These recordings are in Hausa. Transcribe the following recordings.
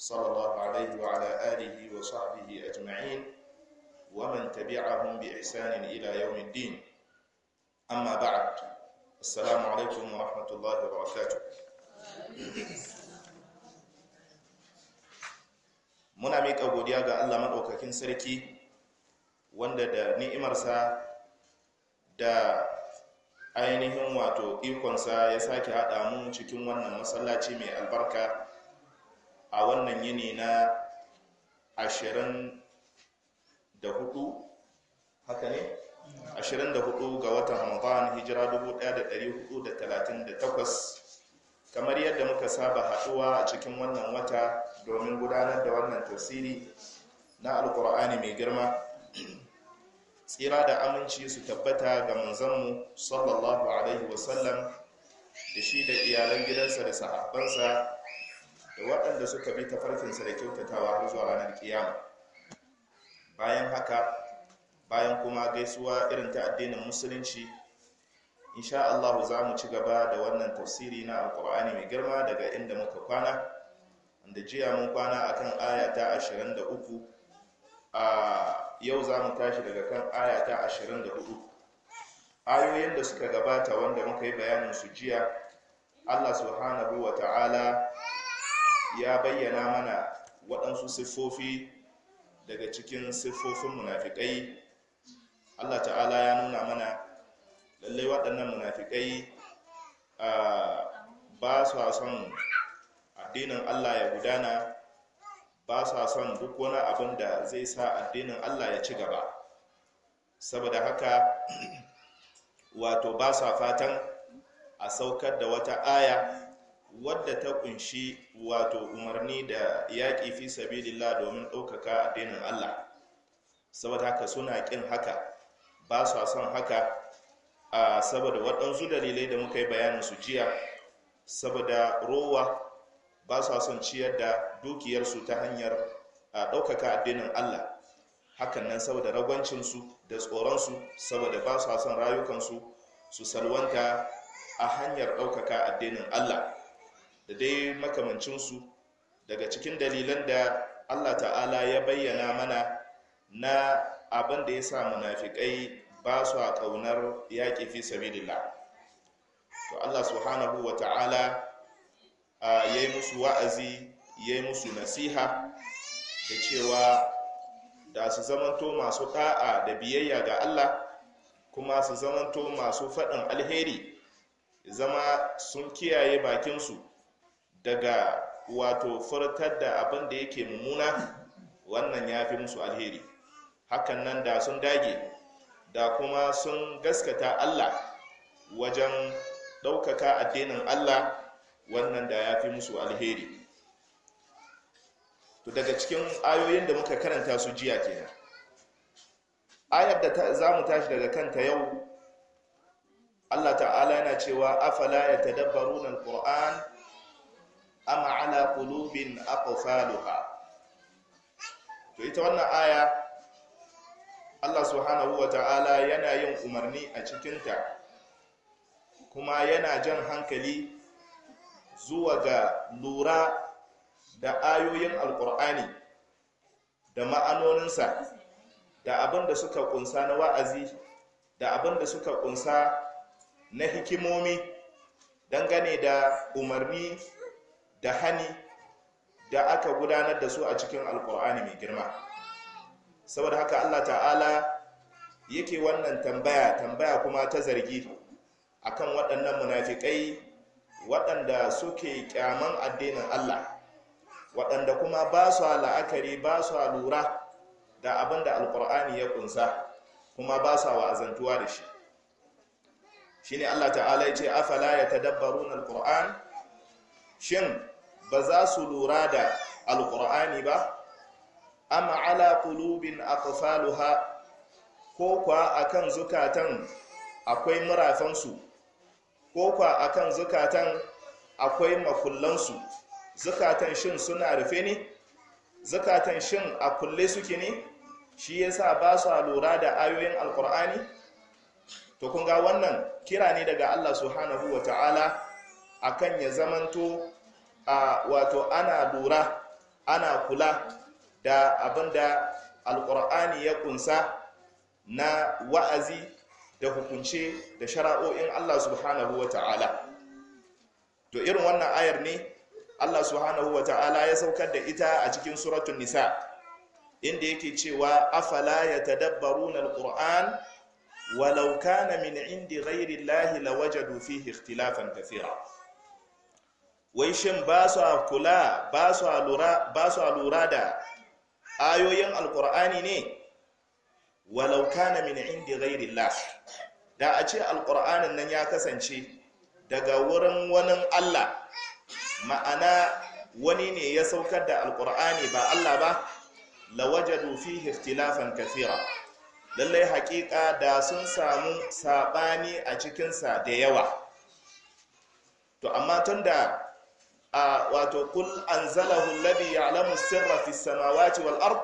صلى الله عليه وعلى آله وصحبه أجمعين ومن تبعهم بإحسان إلى يوم الدين أما بعد السلام عليكم ورحمة الله وبركاته muna miƙa godiya ga Allah maɗaukakin sarki wanda da ni'imarsa da ainihin wato ikonsa ya sake haɗa mu cikin wannan masallaci mai albarka a wannan yini na ashirin da hudu haka ne ashirin ga watan ramadan hijira dubu daya da dari hudu da talatin da takwas kamar yadda muka saba haɗuwa a cikin wannan wata domin gudanar da wannan tafsiri na alkur'ani mai girma tsira da aminci su tabbata ga manzanmu sallallahu alaihi wasallam da shi da iyalan gidansa da sahabbansa da waɗanda suka bi tafarkinsa da kyautatawa har zuwa ranar kiyama bayan haka bayan kuma gaisuwa irin ta addinin musulunci insha Allah za mu ci gaba da wannan tafsiri na alkur'ani mai girma daga inda muka kwana wanda jiya mun kwana akan aya ta 23 a yau za mu tashi daga kan aya ta 24 ayoyin da suka gabata wanda muka yi bayanin su jiya Allah subhanahu wa ta'ala ya bayyana mana waɗansu siffofi daga cikin siffofin munafikai allah ta'ala ya nuna mana lallai waɗannan munafikai ba sa son addinin allah ya gudana ba sa son duk wani abin da zai sa addinin allah ya ci gaba saboda haka wato ba sa fatan a saukar da wata aya wadda ta kunshi wato umarni da yaƙi fi sabilillah domin ɗaukaka addinin Allah saboda haka suna ƙin haka ba su son haka a saboda waɗansu dalilai da muka yi bayanin su jiya saboda rowa ba su son ciyar da dukiyarsu ta hanyar ɗaukaka addinin Allah hakan nan saboda ragwancinsu da tsoronsu saboda ba su son rayukansu su salwanta a hanyar ɗaukaka addinin Allah da dai makamancinsu daga cikin dalilan da allah ta'ala ya bayyana mana na abin da ya sa munafikai ba su a ƙaunar yaƙi fi sabidillah to allah subhanahu wa ta'ala ya yi musu wa'azi ya yi musu nasiha da cewa da su zamanto masu ɗa'a da biyayya ga allah kuma su zamanto masu faɗin alheri zama sun kiyaye bakinsu daga wato furtar da abin da yake mummuna wannan ya fi musu alheri hakan nan da sun dage da kuma sun gaskata allah wajen ɗaukaka addinin allah wannan da ya fi musu alheri to daga cikin ayoyin da muka karanta su jiya kenan ayar da za mu tashi daga kanta yau allah ta'ala yana cewa afala ya tadabbaru na quran Ama ala qulubin aqfaluha to ita wannan aya Allah subhanahu ta'ala yana yin umarni a cikinta kuma yana jan hankali zuwa ga lura da ayoyin alkur'ani da ma'anoninsa da abin da suka kunsa na wa'azi da abin da suka kunsa na hikimomi dangane da umarni da hani da aka gudanar da su a cikin alkur'ani mai girma saboda haka allah ta'ala yake wannan tambaya tambaya kuma ta zargi akan waɗannan munafikai waɗanda suke kyaman addinin allah waɗanda kuma ba su la'akari ba su lura da abin da alkur'ani ya kunsa kuma ba su wa'azantuwa da shi shine allah ta'ala ya ce afala ya na alkur'an shin ba za su lura da alkur'ani ba amma ala a aqfaluha ko kwa a kan zukatan akwai murafansu ko kwa a kan zukatan akwai makullansu zukatan shin suna rufe ne zukatan shin a kulle suke ne shi yasa ba su lura da ayoyin alkur'ani to kun ga wannan kira ne daga Allah subhanahu wata'ala akan ya zamanto a wato ana lura ana kula da abinda alkur'ani ya kunsa na wa'azi da hukunce da shara'o'in Allah subhanahu wa ta'ala to irin wannan ayar ne Allah subhanahu wa ta'ala ya saukar da ita a cikin suratun nisa inda yake cewa afala yatadabbaruna alquran walau kana min indi ghairi llahi lawajadu fihi ikhtilafan kathira wai shin ba su kula ba su lura lura da ayoyin Alƙur'ani ne walauka kana min indi ghairillah da a ce alkur'anin nan ya kasance daga wurin wani Allah ma'ana wani ne ya saukar da alkur'ani ba Allah ba lawajadu fihi ikhtilafan kafira. lallai hakika da sun samu sabani a cikinsa da yawa to amma tunda a wato kul anzalahu ya ya'lamu sirra fi samawati wal ard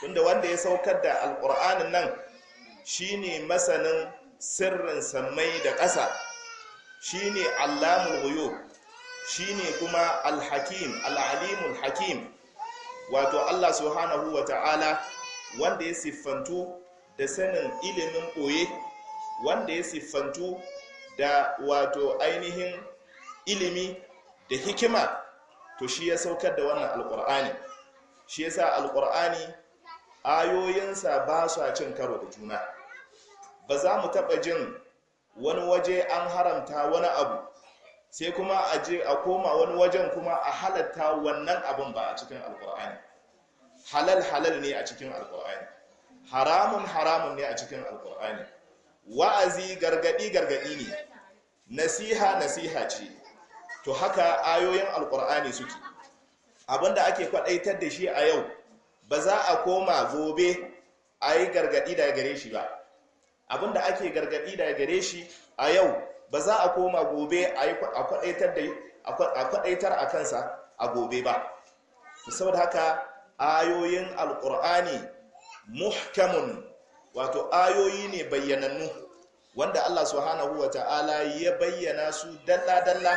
tunda wanda ya saukar da alkur'anin nan shine masanin sirrin samai da ƙasa shine allamul Shi shine kuma alhakim alalimul hakim wato Allah subhanahu wa ta'ala wanda ya siffantu da sanin ilimin ɓoye wanda ya siffantu da wato ainihin ilimi da hikima to shi ya saukar da wannan alkur'ani shi ya yasa alkur'ani ayoyinsa ba su cin karo da juna ba za mu taɓa jin wani waje an haramta wani abu sai kuma a je a koma wani wajen kuma a halatta wannan abin ba a cikin alkur'ani halal halal ne a cikin alkur'ani haramun haramun ne a cikin alkur'ani wa'azi gargadi gargadi ne nasiha nasiha ce to haka ayoyin alkur'ani suke abinda ake kwadaitar da shi a yau ba za a koma gobe a yi gargadi da gare shi ba abinda ake gargadi da gare shi a yau ba za a koma gobe a kwadaitar a kansa a gobe ba saboda haka ayoyin alkur'ani muhkamun wato ayoyi ne bayyanannu wanda allah subhanahu wa ta'ala ya bayyana su dalla-dalla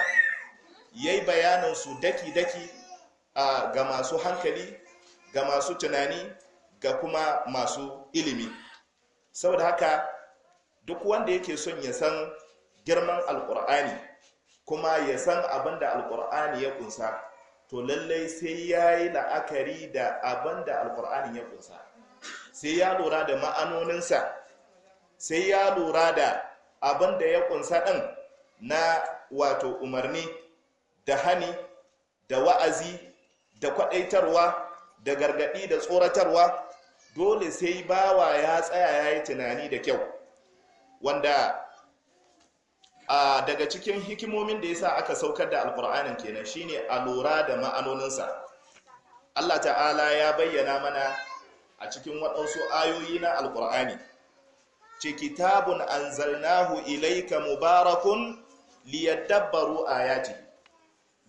ya yi su daki-daki ga masu hankali ga masu tunani ga kuma masu ilimi saboda haka duk wanda yake son ya san girman alkur'ani kuma ya san abin da alkur'ani ya kunsa to lallai sai ya yi la'akari da abin da alkur'ani ya kunsa sai ya lura da ma'anoninsa sai ya lura da abin da ya kunsa ɗin na wato umarni da hani da wa'azi da kwadaitarwa da gargaɗi da tsoratarwa dole sai bawa ya tsaya ya yi tunani da kyau wanda a daga cikin hikimomin da ya sa aka saukar da alkur'anin kenan shine a lura da ma'anoninsa allah ta'ala ya bayyana mana a cikin waɗansu ayoyi na alkur'ani ce kitabun anzalnahu ilaika mubarakun liyadabbaru ayati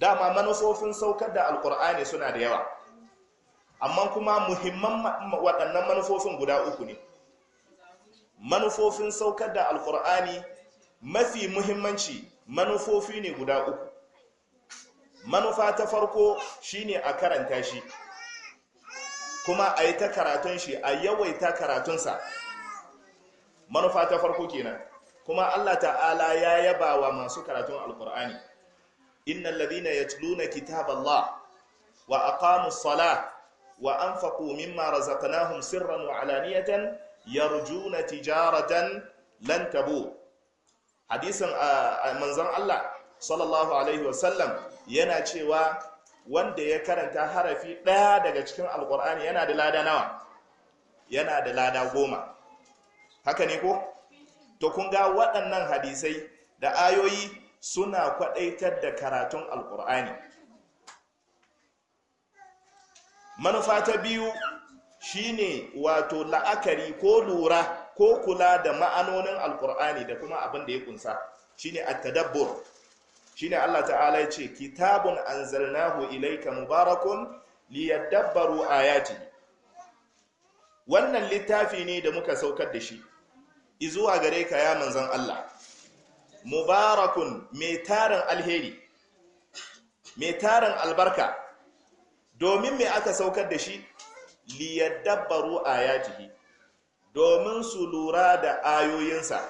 dama manufofin saukar da alkur'ani suna da yawa amma kuma muhimman waɗannan manufofin guda uku ne manufofin saukar da alkur'ani mafi muhimmanci manufofi ne guda uku manufa ta farko shine a karanta shi kuma a yi ta karatun shi a yawaita karatunsa manufa ta farko kenan kuma allah ta'ala ya yaba wa masu karatun alkur'ani innal ladhina yatluna kitaballah wa aqamus salah wa anfaqu mimma razaqnahum sirran wa alaniyatan yarjuna tijaratan lan tabu hadisin manzon Allah sallallahu alaihi wasallam yana cewa wanda ya karanta harafi ɗaya daga cikin alkur'ani yana da lada nawa yana da lada goma haka ne ko to kun ga waɗannan hadisai da ayoyi suna kwadaitar da karatun alkur'ani manufa ta biyu shine wato la'akari ko lura ko kula da ma'anonin alkur'ani da kuma abin da ya kunsa shine at-tadabbur shine Allah ta'ala ya ce kitabun anzalnahu ilayka mubarakun liyadabbaru ayati wannan littafi ne da muka saukar da shi izuwa gare ka ya manzon Allah mubarakun mai tarin alheri mai tarin albarka domin mai aka saukar da shi liyadabbaru jihi domin su lura da ayoyinsa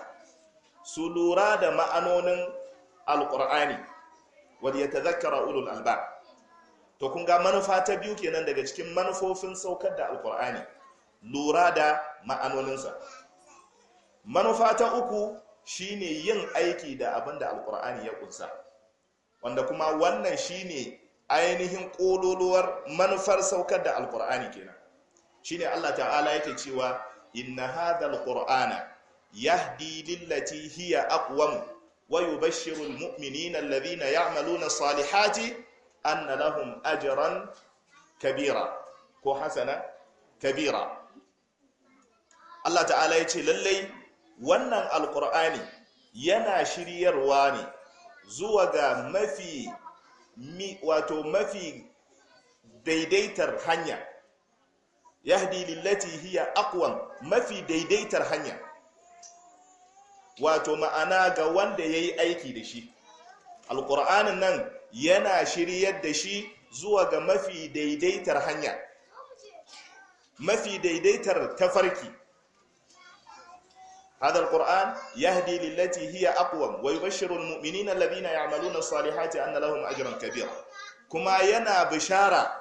su lura da ma'anonin alkur'ani wadda ya zakara ulul alba, to kun ga manufa ta biyu kenan daga cikin manufofin saukar da alkur'ani lura da ma'anoninsa manufa ta uku shine yin aiki da abin da alkur'ani ya kunsa wanda kuma wannan shine ainihin kololuwar manufar saukar da alkur'ani kenan shine Allah ta'ala yake cewa inna hadha alqur'ana yahdi lillati hiya aqwam wa yubashshiru almu'minina alladhina ya'maluna salihati anna lahum ajran kabira ko hasana kabira Allah ta'ala yace lallai wannan alkur'ani yana shiryarwa ne zuwa ga mafi wato mafi daidaitar hanya yahdi lillati hiya aqwam mafi daidaitar hanya wato ma'ana ga wanda yayi aiki da shi alkur'anin nan yana shiryar da shi zuwa ga mafi daidaitar hanya mafi daidaitar tafarki هذا القرآن يهدي للتي هي أقوم ويبشر المؤمنين الذين يعملون الصالحات أن لهم أجرا كبيرا كما ينا بشارة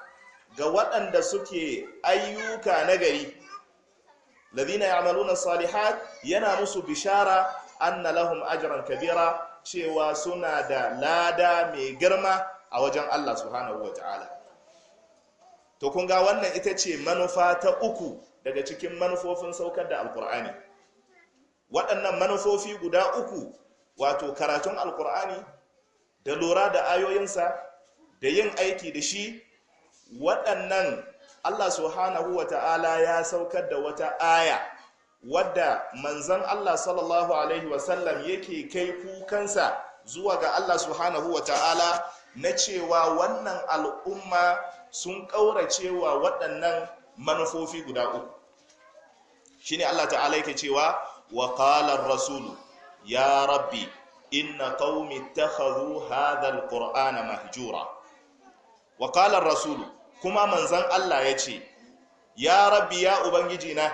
ga waɗanda suke ayyuka na gari ladina ya'maluna salihat yana musu bishara anna lahum ajran kabira cewa suna da lada mai girma a wajen Allah subhanahu wataala to kun ga wannan ita ce manufa ta uku daga cikin manufofin saukar da alkur'ani waɗannan manufofi guda uku wato karatun alkur'ani da lura da ayoyinsa da yin aiki da shi waɗannan allah subhanahu wa ta'ala ya saukar da wata aya wadda manzan allah sallallahu alaihi wasallam yake kai kukansa zuwa ga allah subhanahu wa ta'ala na cewa wannan al'umma sun ƙauracewa waɗannan manufofi guda uku ne allah ta'ala yake cewa wa rasulu, ar-rasul ya rabbi inna qaumi ittakhadhu hadha al-qur'ana mahjura wa qala kuma manzon Allah ya ce. ya rabbi ya ubangiji na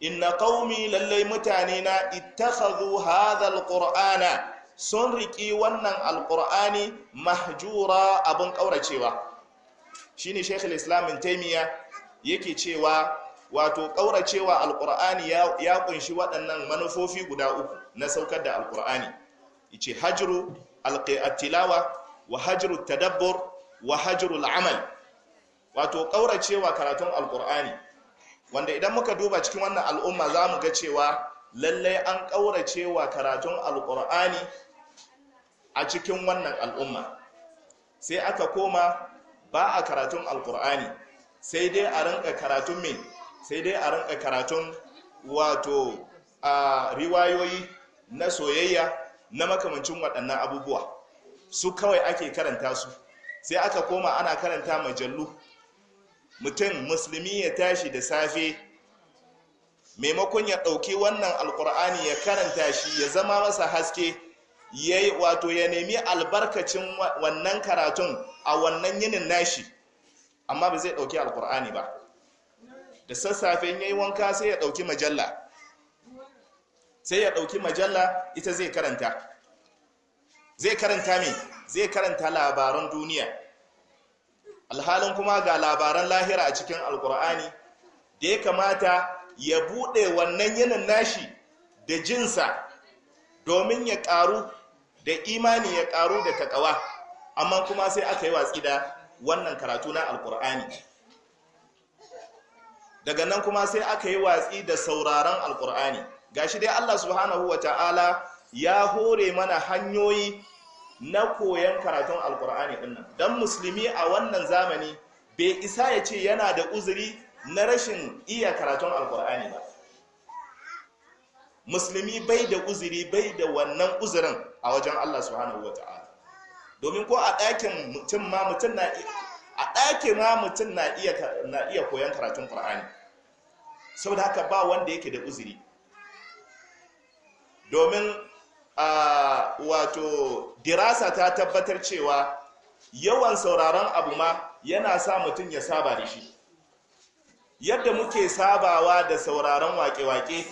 inna qaumi lallai mutane na ittakhadhu hadha al-qur'ana sun riƙe wannan alqur'ani mahjura abun kauracewa shine shaykhul islam ibn taymiya yake cewa wato ƙauracewa alƙur'ani ya ƙunshi waɗannan manufofi guda uku na saukar da alƙur'ani ice hajru alƙi'attilawa wa hajru tadabbur wa hajru al'amal wato ƙauracewa karatun alƙur'ani wanda idan muka duba cikin wannan al'umma za mu ga cewa lallai an ƙauracewa karatun alƙur'ani a cikin wannan al'umma sai aka koma ba a karatun alƙur'ani sai dai a rinka karatun mai sai dai a rinka karatun wato a riwayoyi na soyayya na makamancin waɗannan abubuwa su kawai ake karanta su sai aka koma ana karanta majallu mutum musulmi ya tashi da safe maimakon ya ɗauki wannan alkur'ani ya karanta shi ya zama masa haske ya wato ya nemi albarkacin wannan karatun a wannan yinin nashi amma ba zai ɗauki alkur'ani ba da sassafe ya yayi wanka sai ya dauki majalla sai ya ɗauki majalla ita zai karanta zai karanta me zai karanta labaran duniya alhalin kuma ga labaran lahira a cikin alkur'ani da ya kamata ya bude wannan yanan nashi da jinsa domin ya ƙaru da imani ya ƙaru da taƙawa amma kuma sai aka yi watsi da wannan karatu na alkur'ani daga nan kuma sai aka yi watsi da sauraron alkur'ani gashi dai Allah subhanahu wa ta'ala ya hore mana hanyoyi na koyon karatun alkur'ani dinnan Don musulmi a wannan zamani bai isa ya ce yana da uzuri na rashin iya karatun alkur'ani ba musulmi bai da uzuri bai da wannan uzurin a wajen Allah subhanahu wa ta'ala domin ko a ɗakin mutum ma mutum na iya koyon karatun Al-ƙur'ani. saboda haka ba wanda yake da uzuri domin a wato dirasa ta tabbatar cewa yawan sauraron abu ma yana sa mutum ya saba da shi yadda muke sabawa da sauraron wake-wake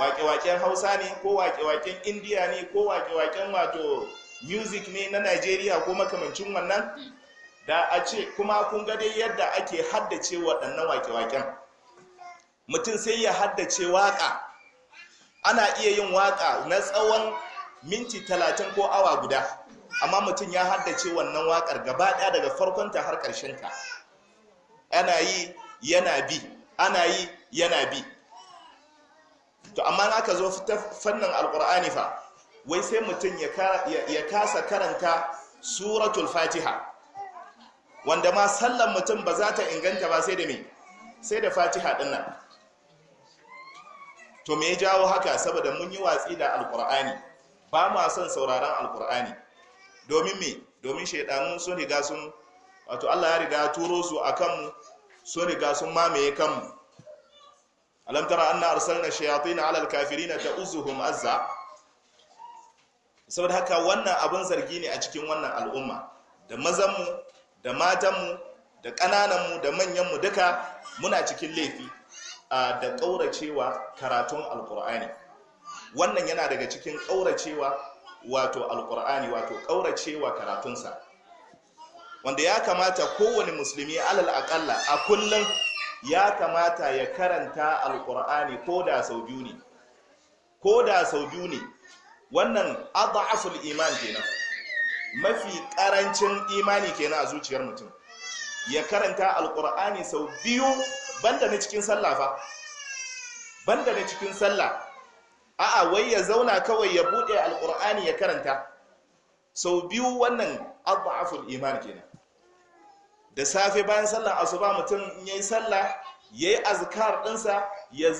wake-waken hausa ne ko wake-waken indiya ne ko wake-waken wato music ne na nigeria ko makamancin wannan da a ce kuma kun ga yadda ake haddace waɗannan wake-waken mutum sai ya haddace waka ana iya yin waka na tsawon minti talatin ko awa guda amma mutum ya haddace wannan wakar gaba daya daga farkonta har ta. ana yi yana bi ana yi yana bi to amma aka zo ta fannin alkur'ani fa wai sai mutum ya kasa karanta suratul fatiha wanda ma sallan mutum ba za ta inganta ba sai da me sai da fatiha dinnan to me ya jawo haka saboda mun yi watsi da alkur'ani ba a son sauraron alkur'ani domin me domin shaidanun sun riga sun wato Allah ya riga turo su a kanmu sun riga sun mamaye kanmu alam tara anna arsalna shayatin ala alkafirina ta'uzuhum azza saboda haka wannan abun zargi ne a cikin wannan al'umma da mazanmu da matanmu da mu da manyan mu duka muna cikin laifi da ƙauracewa karatun alkur'ani wannan yana daga cikin ƙauracewa wato alkur'ani wato ƙauracewa karatunsa wanda ya kamata kowane musulmi alal akalla a kullum ya kamata ya karanta alkur'ani ko da sau biyu ne ko da sau biyu ne wannan adhaful iman kenan mafi ƙarancin imani kenan a zuciyar mutum ya karanta alkur'ani sau biyu banda na cikin sallah fa banda na cikin sallah a'a wai ya zauna kawai ya bude alkur'ani ya karanta sau biyu wannan adhaful iman kenan da safe bayan sallar asuba mutum yayi sallah yayi azkar dinsa ya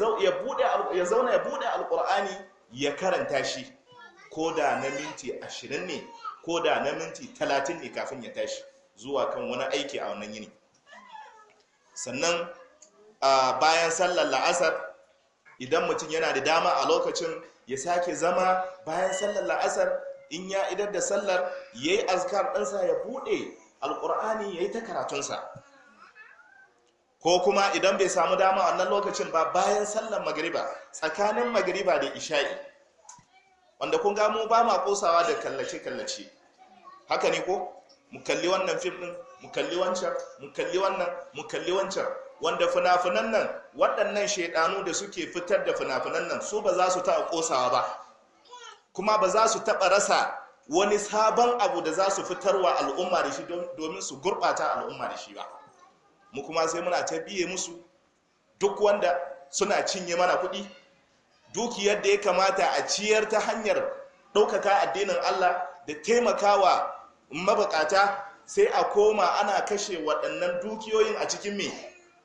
ya zauna ya bude alkur'ani ya karanta shi ko da na minti ashirin ne ko da na minti talatin ne kafin ya tashi zuwa kan wani aiki a wannan yini sannan bayan sallar la'asar idan mutum yana da dama a lokacin ya sake zama bayan sallar la'asar in ya idar da sallar ya yi azkar ɗansa, ya buɗe alƙur'ani ya yi ta karatunsa ko kuma idan bai samu dama a wannan lokacin ba bayan sallar magariba tsakanin magariba da isha'i wanda kun gamo ba ma kosawa da kallace-kallace haka ne ko mu kalli wannan fim din mu kalli wancan mu kalli wannan mu kalli wancan wanda fina-finan nan waɗannan shaidanu da suke fitar da fina-finan nan su ba za su taɓa ƙosawa ba kuma ba za su taɓa rasa wani sabon abu da za su fitarwa al'umma da shi domin su gurɓata al'umma da shi ba mu kuma sai muna ta biye musu duk wanda suna cinye mana kuɗi duk yadda ya kamata a ciyar ta hanyar ɗaukaka addinin allah da taimakawa mabukata sai a koma ana kashe waɗannan dukiyoyin a cikin me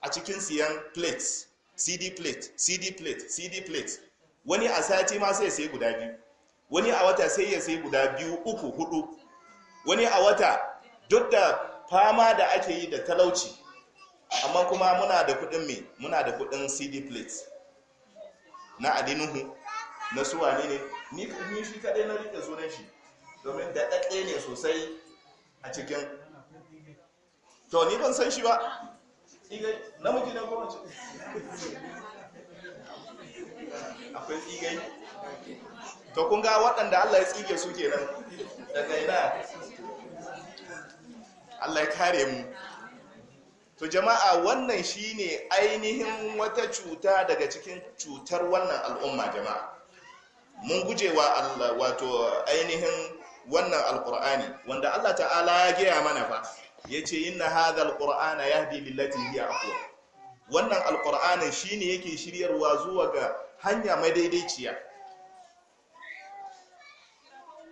a cikin siyan plates cd plate cd plate cd plate wani a sati ma sai sai guda biyu wani a wata sai ya sai guda biyu uku hudu wani a wata duk da fama da ake yi da talauci amma kuma muna da kudin me muna da kudin cd plate na adinuhu na suwane ne ni shi kadai na rike sunan shi domin da ɗaɗɗe ne sosai a cikin to ni ban san shi ba namiji na akwai tsigai to kun ga waɗanda allah ya tsige su kenan daga ina allah ya kare mu to jama'a wannan shine ainihin wata cuta daga cikin cutar wannan al'umma jama'a mun gujewa allah wato ainihin wannan alkur'ani wanda Allah ta'ala ya gaya mana fa ya ce yin na haɗa alkur'ana ya alqur'ana lillatin lillati a kuwa wannan shi shine yake shiryarwa zuwa ga hanya madaidaiciya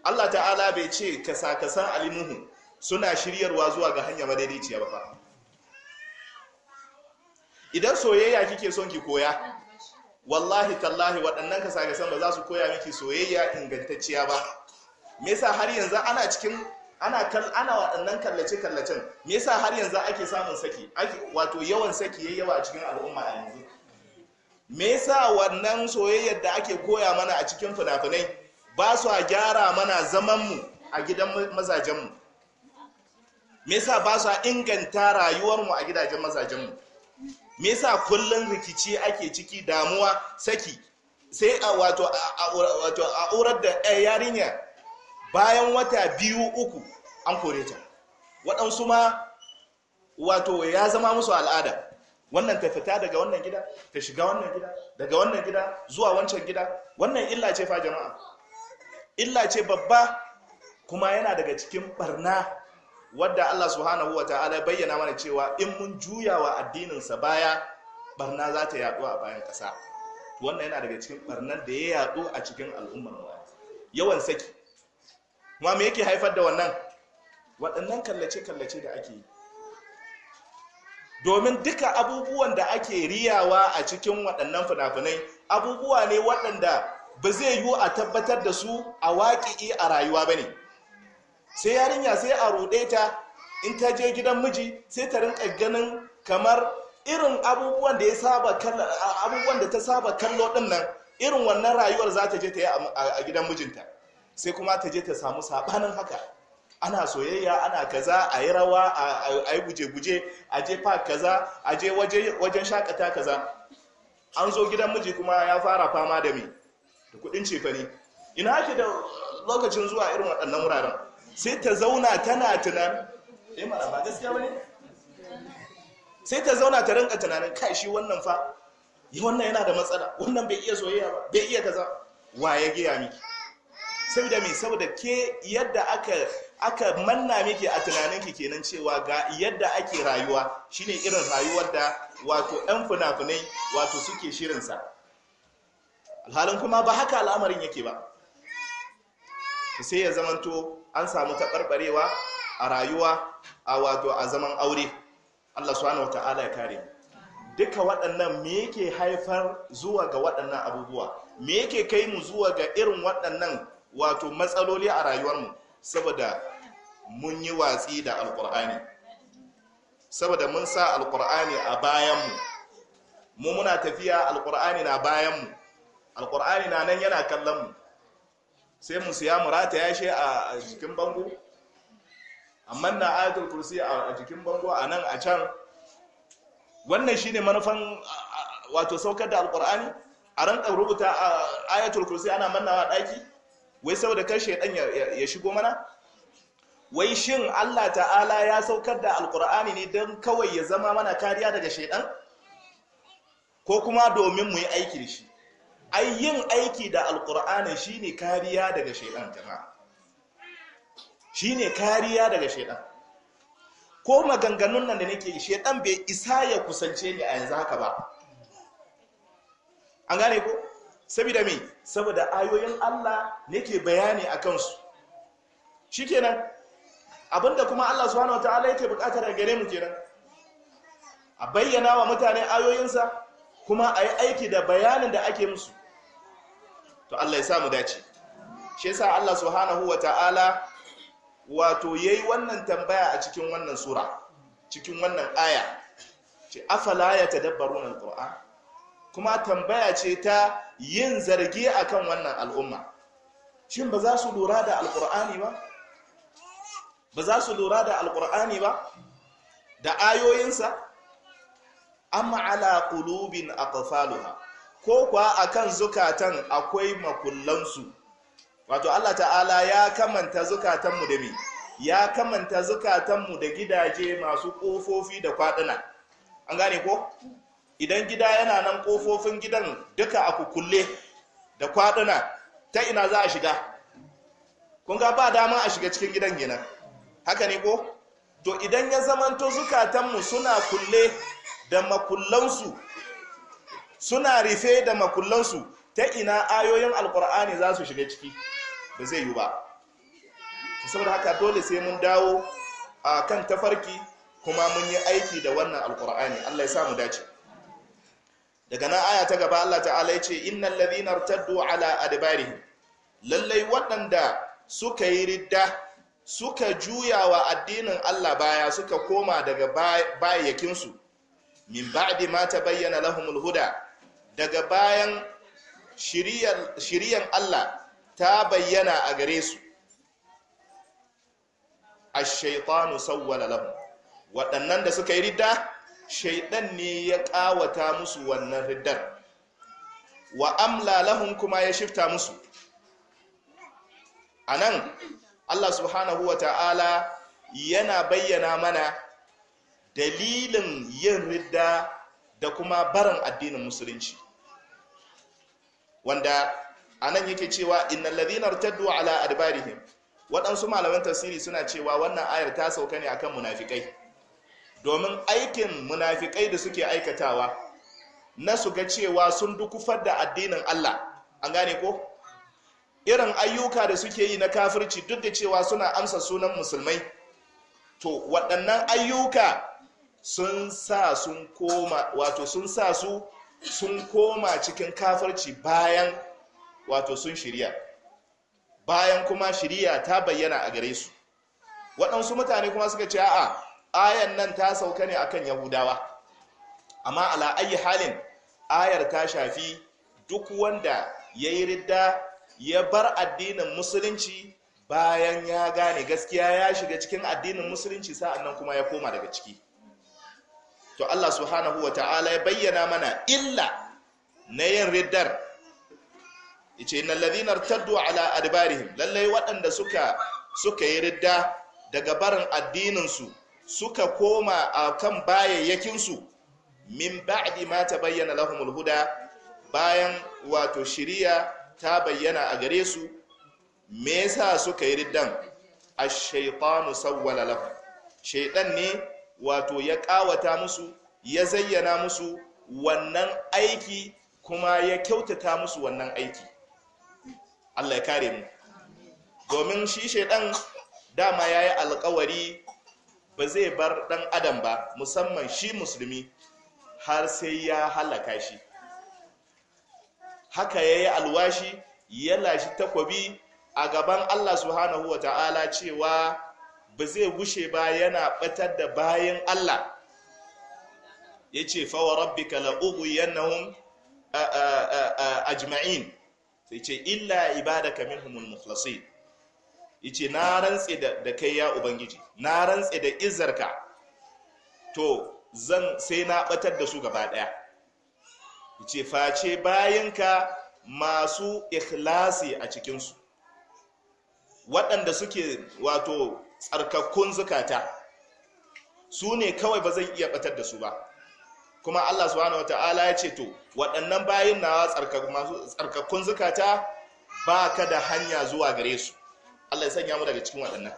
Allah ta'ala bai ce kasa-kasan alimuhu suna shiryarwa zuwa ga hanya madaidaiciya ba fa idan soyayya kike son ki koya wallahi tallahi waɗannan kasa-kasan ba za su koya miki soyayya ingantacciya ba me yasa har yanzu ana cikin ana ana waɗannan kallace kallacen me yasa har yanzu ake samun saki wato yawan saki yayi yawa a cikin al'umma a yanzu me yasa wannan soyayyar da ake koya mana a cikin fina-finai ba su a gyara mana zamanmu a gidan mazajenmu me yasa ba su a inganta rayuwarmu a gidajen mazajenmu me yasa kullum rikici ake ciki damuwa saki sai a wato a aurar da eh, yarinya bayan wata biyu uku an kore ta waɗansu ma wato ya zama musu al'ada wannan ta fita daga wannan gida ta shiga wannan gida daga wannan gida zuwa wancan gida wannan illa ce fa jama'a illa ce babba kuma yana daga cikin barna wadda Allah subhanahu wa ta'ala bayyana mana cewa in mun juya wa addininsa baya barna za ta yaɗu a bayan ƙasa wannan yana daga cikin barnan da ya yaɗu a cikin al'ummar yawan saki ma me yake haifar da wannan waɗannan kallace-kallace da ake domin duka abubuwan da ake riyawa a cikin waɗannan fina-finai abubuwa ne waɗanda ba zai yiwu a tabbatar da su a waƙi'i a rayuwa ba ne sai yarinya sai a ruɗe ta in ta je gidan miji sai ta rinka ganin kamar irin abubuwan da ya saba abubuwan da ta saba kallo ɗin nan irin wannan rayuwar za ta je ta yi a gidan mijinta sai kuma ta je ta samu sabanin haka ana soyayya ana kaza a yi rawa a yi guje-guje a je park kaza a je wajen shakata kaza an zo gidan miji kuma ya fara fama da mi da kudin cefane ina haka da lokacin zuwa irin waɗannan wuraren sai ta zauna tana tunan eh mara ba gaskiya bane sai ta zauna ta rinka tunanin kai shi wannan fa Yi eh, wannan yana da matsala wannan bai iya soyayya ba bai iya kaza wa ya gaya miki saboda mai saboda ke yadda aka manna miki a tunaninki kenan cewa ga yadda ake rayuwa shine irin rayuwar da wato yan funafunai wato suke shirinsa alhalin kuma ba haka al'amarin yake ba sai ya zamanto an samu taɓarɓarewa a rayuwa a wato a zaman aure allah wa ta'ala ya kare duka waɗannan me yake haifar zuwa ga waɗannan abubuwa me yake kai mu zuwa ga irin waɗannan wato matsaloli a rayuwarmu saboda mun yi watsi da alkur'ani saboda mun sa alkur'ani a bayanmu mu muna tafiya alkur'ani na bayanmu alkur'ani na nan yana kallonmu sai mu siya mu rata yashe a jikin bango amma na ayatul kursi a jikin bango a nan a can wannan shine manufan wato saukar da alkur'ani a ran rubuta ayatul kursi ana mannawa daki wai saboda kar shaidan ya shigo mana wai shin Allah ta'ala ya saukar da alkur'ani ne don kawai ya zama mana kariya daga shaidan ko kuma domin mu yi aiki da shi ai yin aiki da alkur'ani shine kariya daga shaidan jama'a shine kariya daga shaidan ko maganganun nan da nake shaidan bai isa ya kusance ni a yanzu haka ba an gane ko saboda me saboda ayoyin Allah ne ke bayani a kansu shikenan abinda kuma Allah subhanahu wataala yake bukatar a gare mu kenan a bayyana wa mutane ayoyinsa kuma a yi aiki da bayanin da ake musu to Allah ya sa mu dace shi sa Allah huwa ta'ala wato ya yi wannan tambaya a cikin wannan sura cikin wannan aya ce afala ya tadabbaruna alquran kuma tambaya ce ta yin zargi akan wannan al'umma shin ba za su lura da alkur'ani ba ba za su lura da alkur'ani ba da ayoyinsa amma ala ko kuwa akan zukatan akwai makullansu wato Allah ta'ala ya kamanta zukatanmu da me ya kamanta zukatanmu da gidaje masu ƙofofi da kwaduna an gane ko idan gida yana nan kofofin gidan duka a kukulle da kwaduna ta ina za a shiga kun ga ba dama a shiga cikin gidan gina haka ne ko to idan ya zamanto zukatanmu suna kulle da makullansu suna rife da makullansu ta ina ayoyin alkur'ani za su shiga ciki ba zai yi ba saboda haka dole sai mun dawo a kan tafarki kuma mun yi aiki da wannan alkur'ani allah ya samu dace daga nan aya ta gaba Allah ta'ala ya ce innal ladhina irtaddu ala adbarihim lallai waɗanda suka yi ridda suka juya wa addinin Allah baya suka koma daga bayayyakinsu min ba'di ma tabayyana lahumul huda daga bayan shiriyan Allah ta bayyana a gare su ash-shaytanu sawwala lahum waɗannan da suka yi ridda shaidan ne ya kawata musu wannan riddar wa amla kuma ya shifta musu a nan allah subhanahu wa ta'ala yana bayyana mana dalilin yin ridda da kuma barin addinin musulunci wanda a nan yake cewa innal ladinar irtaddu ala adbarihim waɗansu malaman tafsiri suna cewa wannan ayar ta sauka ne akan munafikai domin aikin munafikai da suke aikatawa na su ga cewa sun dukufar da addinin Allah an gane ko irin ayyuka da suke yi na kafirci duk da cewa suna amsa sunan musulmai to waɗannan ayyuka sun sa sun koma wato sun sa su sun koma cikin kafirci bayan wato sun shirya bayan kuma shirya ta bayyana a gare su waɗansu mutane kuma suka ce a'a ayan nan ta sauka ne akan yahudawa amma ala ayi halin ayar ta shafi duk wanda ya yi ridda ya bar addinin musulunci bayan ya gane gaskiya ya shiga cikin addinin musulunci sa'annan kuma ya koma daga ciki to Allah subhanahu wa ta'ala ya bayyana mana illa na yin riddar ice innal ladhina irtaddu ala adbarihim lallai waɗanda suka yi ridda daga barin addininsu. suka koma a kan bayayyakinsu min ba'di ma ta bayyana lahumul huda bayan wato shiriya ta bayyana a gare su me yasa suka yi riddan ash-shaytanu sawwala lahum shaytan ne wato ya kawata musu ya zayyana musu wannan aiki kuma ya kyautata musu wannan aiki Allah ya kare mu domin shi shaidan dama ya yi alkawari ba zai bar dan adam ba musamman shi musulmi har sai ya halaka shi haka ya yi alwashi ya lashi takwabi a gaban allah subhanahu wa ta'ala cewa ba zai gushe ba yana batar da bayan allah ya ce fawa rabbika la'uguyannahum ajma'in sai ce illa kamin minhumul mukhlasin yace na rantse da kai ya ubangiji na rantse da izarka to zan sai na batar da su gaba daya yace face ka masu ikhlasi a cikinsu waɗanda suke wato tsarkakkun zukata su ne kawai ba zan iya batar da su ba kuma Allah subhanahu wata'ala ya ce to waɗannan bayin nawa tsarkakkun zukata ba ka da hanya zuwa gare su Allah ya sanya mu daga cikin waɗannan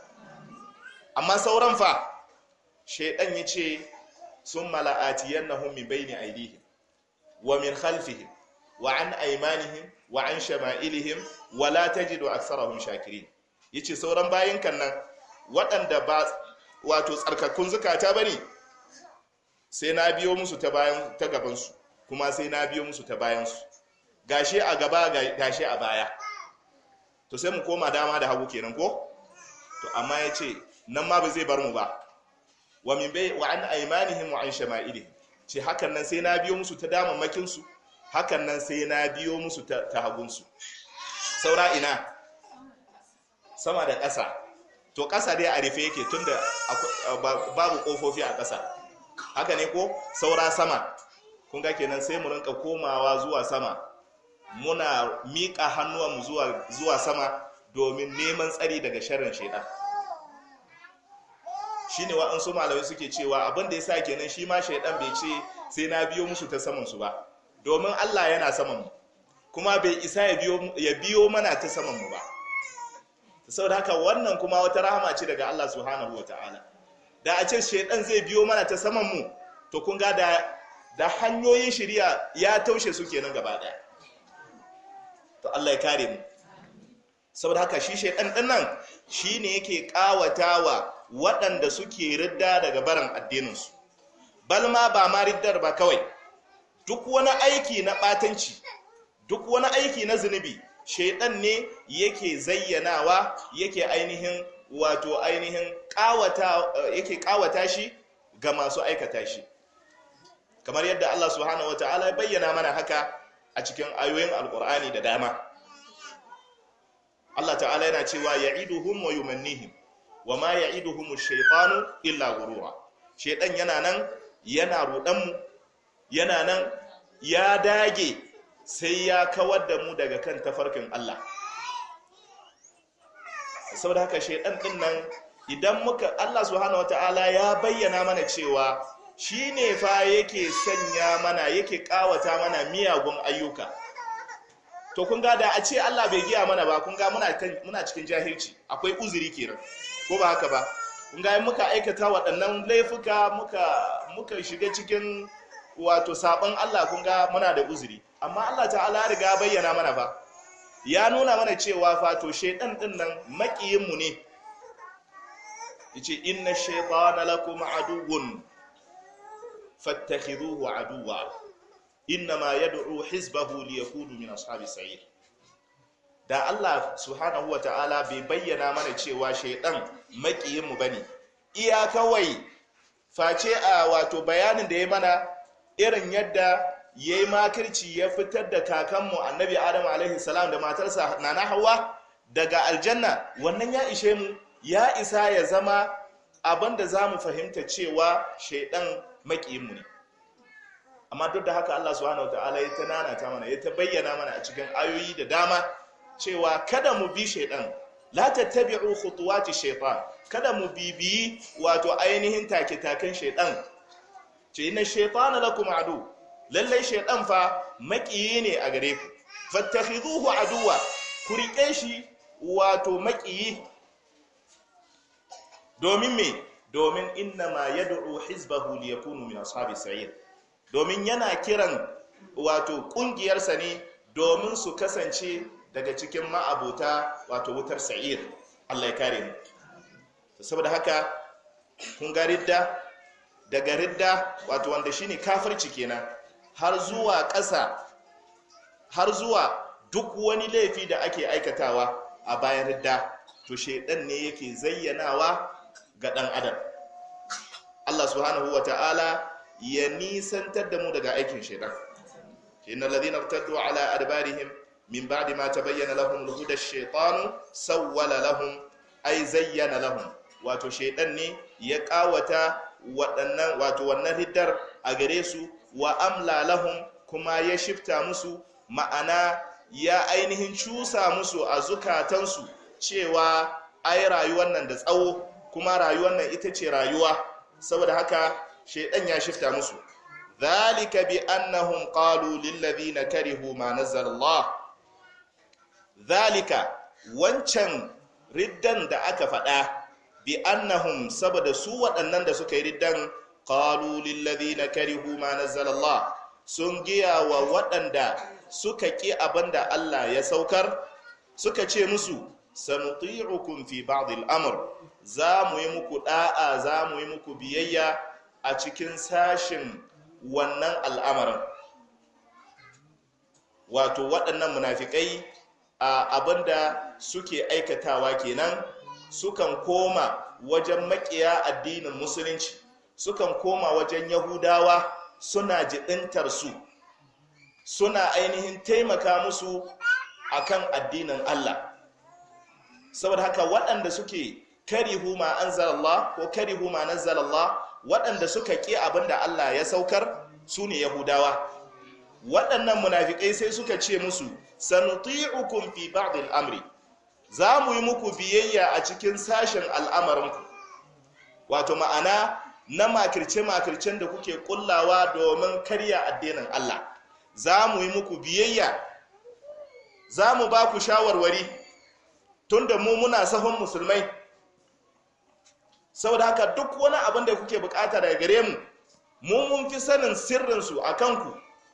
amma sauran fa shaidan ya ce sun mala'ati. na hun min bayni aidihim wa min khalfihim wa an aimanihim wa an shama'ilihim wa la tajidu aksarahum shakirin yace sauran bayin kan nan waɗanda ba wato tsarkakun zukata bane sai na biyo musu ta gabansu. kuma sai na biyo musu ta bayan su gashi a gaba gashi a baya to sai mu koma dama da hagu kenan ko to amma ya ce nan ma ba zai bar mu ba wa min bai wa an aimanihim wa an shama'ilihim ce hakan nan sai na biyo musu ta damammakin su hakan nan sai na biyo musu ta hagun su saura ina sama da ƙasa to ƙasa dai a rufe yake tunda babu ƙofofi a ƙasa haka ne ko saura sama kun ga kenan sai mu rinka komawa zuwa sama muna miƙa hannuwanmu zuwa, zuwa sama domin neman tsari daga sharrin shaidan shi ne wa'ansu malamai suke cewa abin da ya sa kenan shi ma shaidan bai ce sai na biyo musu ta samansu ba domin allah yana saman mu kuma bai isa ya biyo mana ta saman mu ba saboda haka wannan kuma wata rahama ce daga allah subhanahu wa ta'ala da a ce shaidan zai biyo mana ta saman mu, to kun ga da hanyoyin shirya ya taushe su kenan gaba daya to Allah ya kare mu saboda haka shi shaidan din nan shine yake kawatawa waɗanda suke ridda daga barin su balma ba ma riddar ba kawai duk wani aiki na batanci duk wani aiki na zunubi shaydan ne yake zayyanawa yake ainihin wato ainihin kawata yake kawata shi ga masu aikata shi kamar yadda Allah subhanahu wataala ya bayyana mana haka a cikin ayoyin alkur'ani da dama Allah ta'ala yana cewa ya'iduhum wa yumannihim wa ma ya'iduhum ash-shaytanu illa ghurura shaytan yana nan yana rudan mu yana nan ya dage sai ya kawar da mu daga kan tafarkin Allah saboda haka shaytan din nan idan muka Allah subhanahu wataala ya bayyana mana cewa shi ne fa yake sanya mana yake kawata mana miyagun ayyuka to kun ga da a ce Allah bai giya mana ba kun ga muna cikin jahilci akwai uzuri kenan ko ba haka ba kun ga muka aikata waɗannan laifuka muka shiga cikin wato sabon Allah kun ga muna da uzuri amma Allah ta ta'ala riga bayyana mana ba. ya nuna mana cewa fa to shedan din nan makiyin mu ne yace inna shaytana lakum aduwwun fattakhiduhu aduwa innama yad'u hizbahu liyakunu min ashabi sa'ir da Allah subhanahu wa ta'ala bai bayyana mana cewa shaidan makiyin mu bane iya kawai face a wato bayanin da ya mana irin yadda ya yi makirci ya fitar da kakanmu annabi adam alaihi salam da matarsa nana hawa daga aljanna wannan ya ishe mu ya isa ya zama abinda da za mu fahimta cewa shaidan maƙiyinmu ne amma duk da haka Allah subhanahu ta'ala ya ta mana ya ta bayyana mana a cikin ayoyi da dama cewa kada mu bi shaidan la tattabi'u khutuwati shaytan kada mu bibiyi wato ainihin take-taken shaidan ce inna shaitana lakum adu lallai shaidan fa makiyi ne a gare ku fattakhiduhu aduwa ku shi wato makiyi domin me domin inna ma huli, hizbahu kunu min ashabi sa'ir domin yana kiran wato kungiyarsa ne domin su kasance daga cikin ma'abota wato wutar sa'ir Allah ya kare mu saboda haka kun ga ridda daga ridda wato wanda shine kafirci kenan har zuwa ƙasa har zuwa duk wani laifi da ake aikatawa a bayan ridda to shedan ne yake zayyanawa ga ɗan adam Allah subhanahu wa ta'ala ya nisantar da mu daga aikin shaidan innal ladhina irtaddu ala adbarihim min ba'di ma tabayyana lahum al-huda ash-shaytanu sawwala lahum ay zayyana lahum wato shaidan ne ya kawata waɗannan wato wannan riddar a gare su wa amla lahum kuma ya shifta musu ma'ana ya ainihin cusa musu a zukatansu cewa ai rayuwar nan da tsawo kuma rayuwar nan ita ce rayuwa saboda haka shaidan ya shifta musu zalika bi annahum qalu lil ladina karihu ma nazzala Allah zalika wancan riddan da aka faɗa bi annahum saboda su waɗannan da suka yi riddan qalu lil ladina karihu ma nazzala Allah sun giya wa waɗanda suka ki abinda Allah ya saukar suka ce musu sanuti'ukum fi ba'd al-amr za mu yi muku ɗa'a, za mu yi muku biyayya a cikin sashin wannan al'amarin wato waɗannan munafikai a abinda suke aikatawa kenan sukan koma wajen makiya addinin musulunci sukan koma wajen yahudawa suna jiɗintar su suna ainihin taimaka musu akan addinin allah saboda haka waɗanda suke karihu ma anzalallah ko karihu ma nazzalallah waɗanda suka ƙi abin da Allah ya saukar su ne yahudawa waɗannan munafikai sai suka ce musu sanuti'ukum fi ba'd amri za mu yi muku biyayya a cikin sashen al'amarinku wato ma'ana na makirce-makircen da kuke kullawa domin karya addinin Allah za mu yi muku biyayya za mu ba ku shawarwari tunda mu muna sahun musulmai saboda haka duk wani abin da kuke bukata daga gare mu mu mun fi sanin sirrinsu a ku,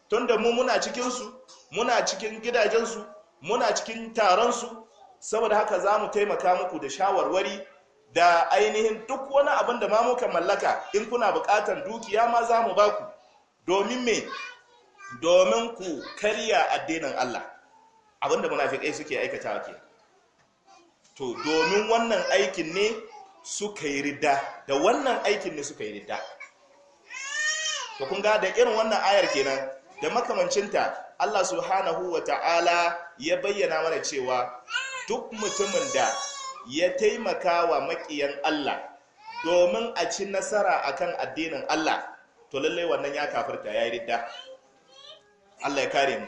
tunda mu muna cikin su muna cikin gidajensu muna cikin taronsu saboda haka za mu taimaka muku da shawarwari da ainihin duk wani abin da ma muka mallaka in kuna bukatan dukiya ma za mu baku domin me domin ku karya addinin Allah abinda munafikai suke aikata ke to domin wannan aikin ne suka yi ridda da wannan aikin ne suka yi ridda to kun da irin wannan ayar kenan da makamancinta Allah subhanahu wata'ala ta'ala ya bayyana mana cewa duk mutumin da ya taimaka wa maƙiyan Allah domin a ci nasara a kan addinin Allah to lallai wannan ya kafirta ya yi ridda Allah ya kare mu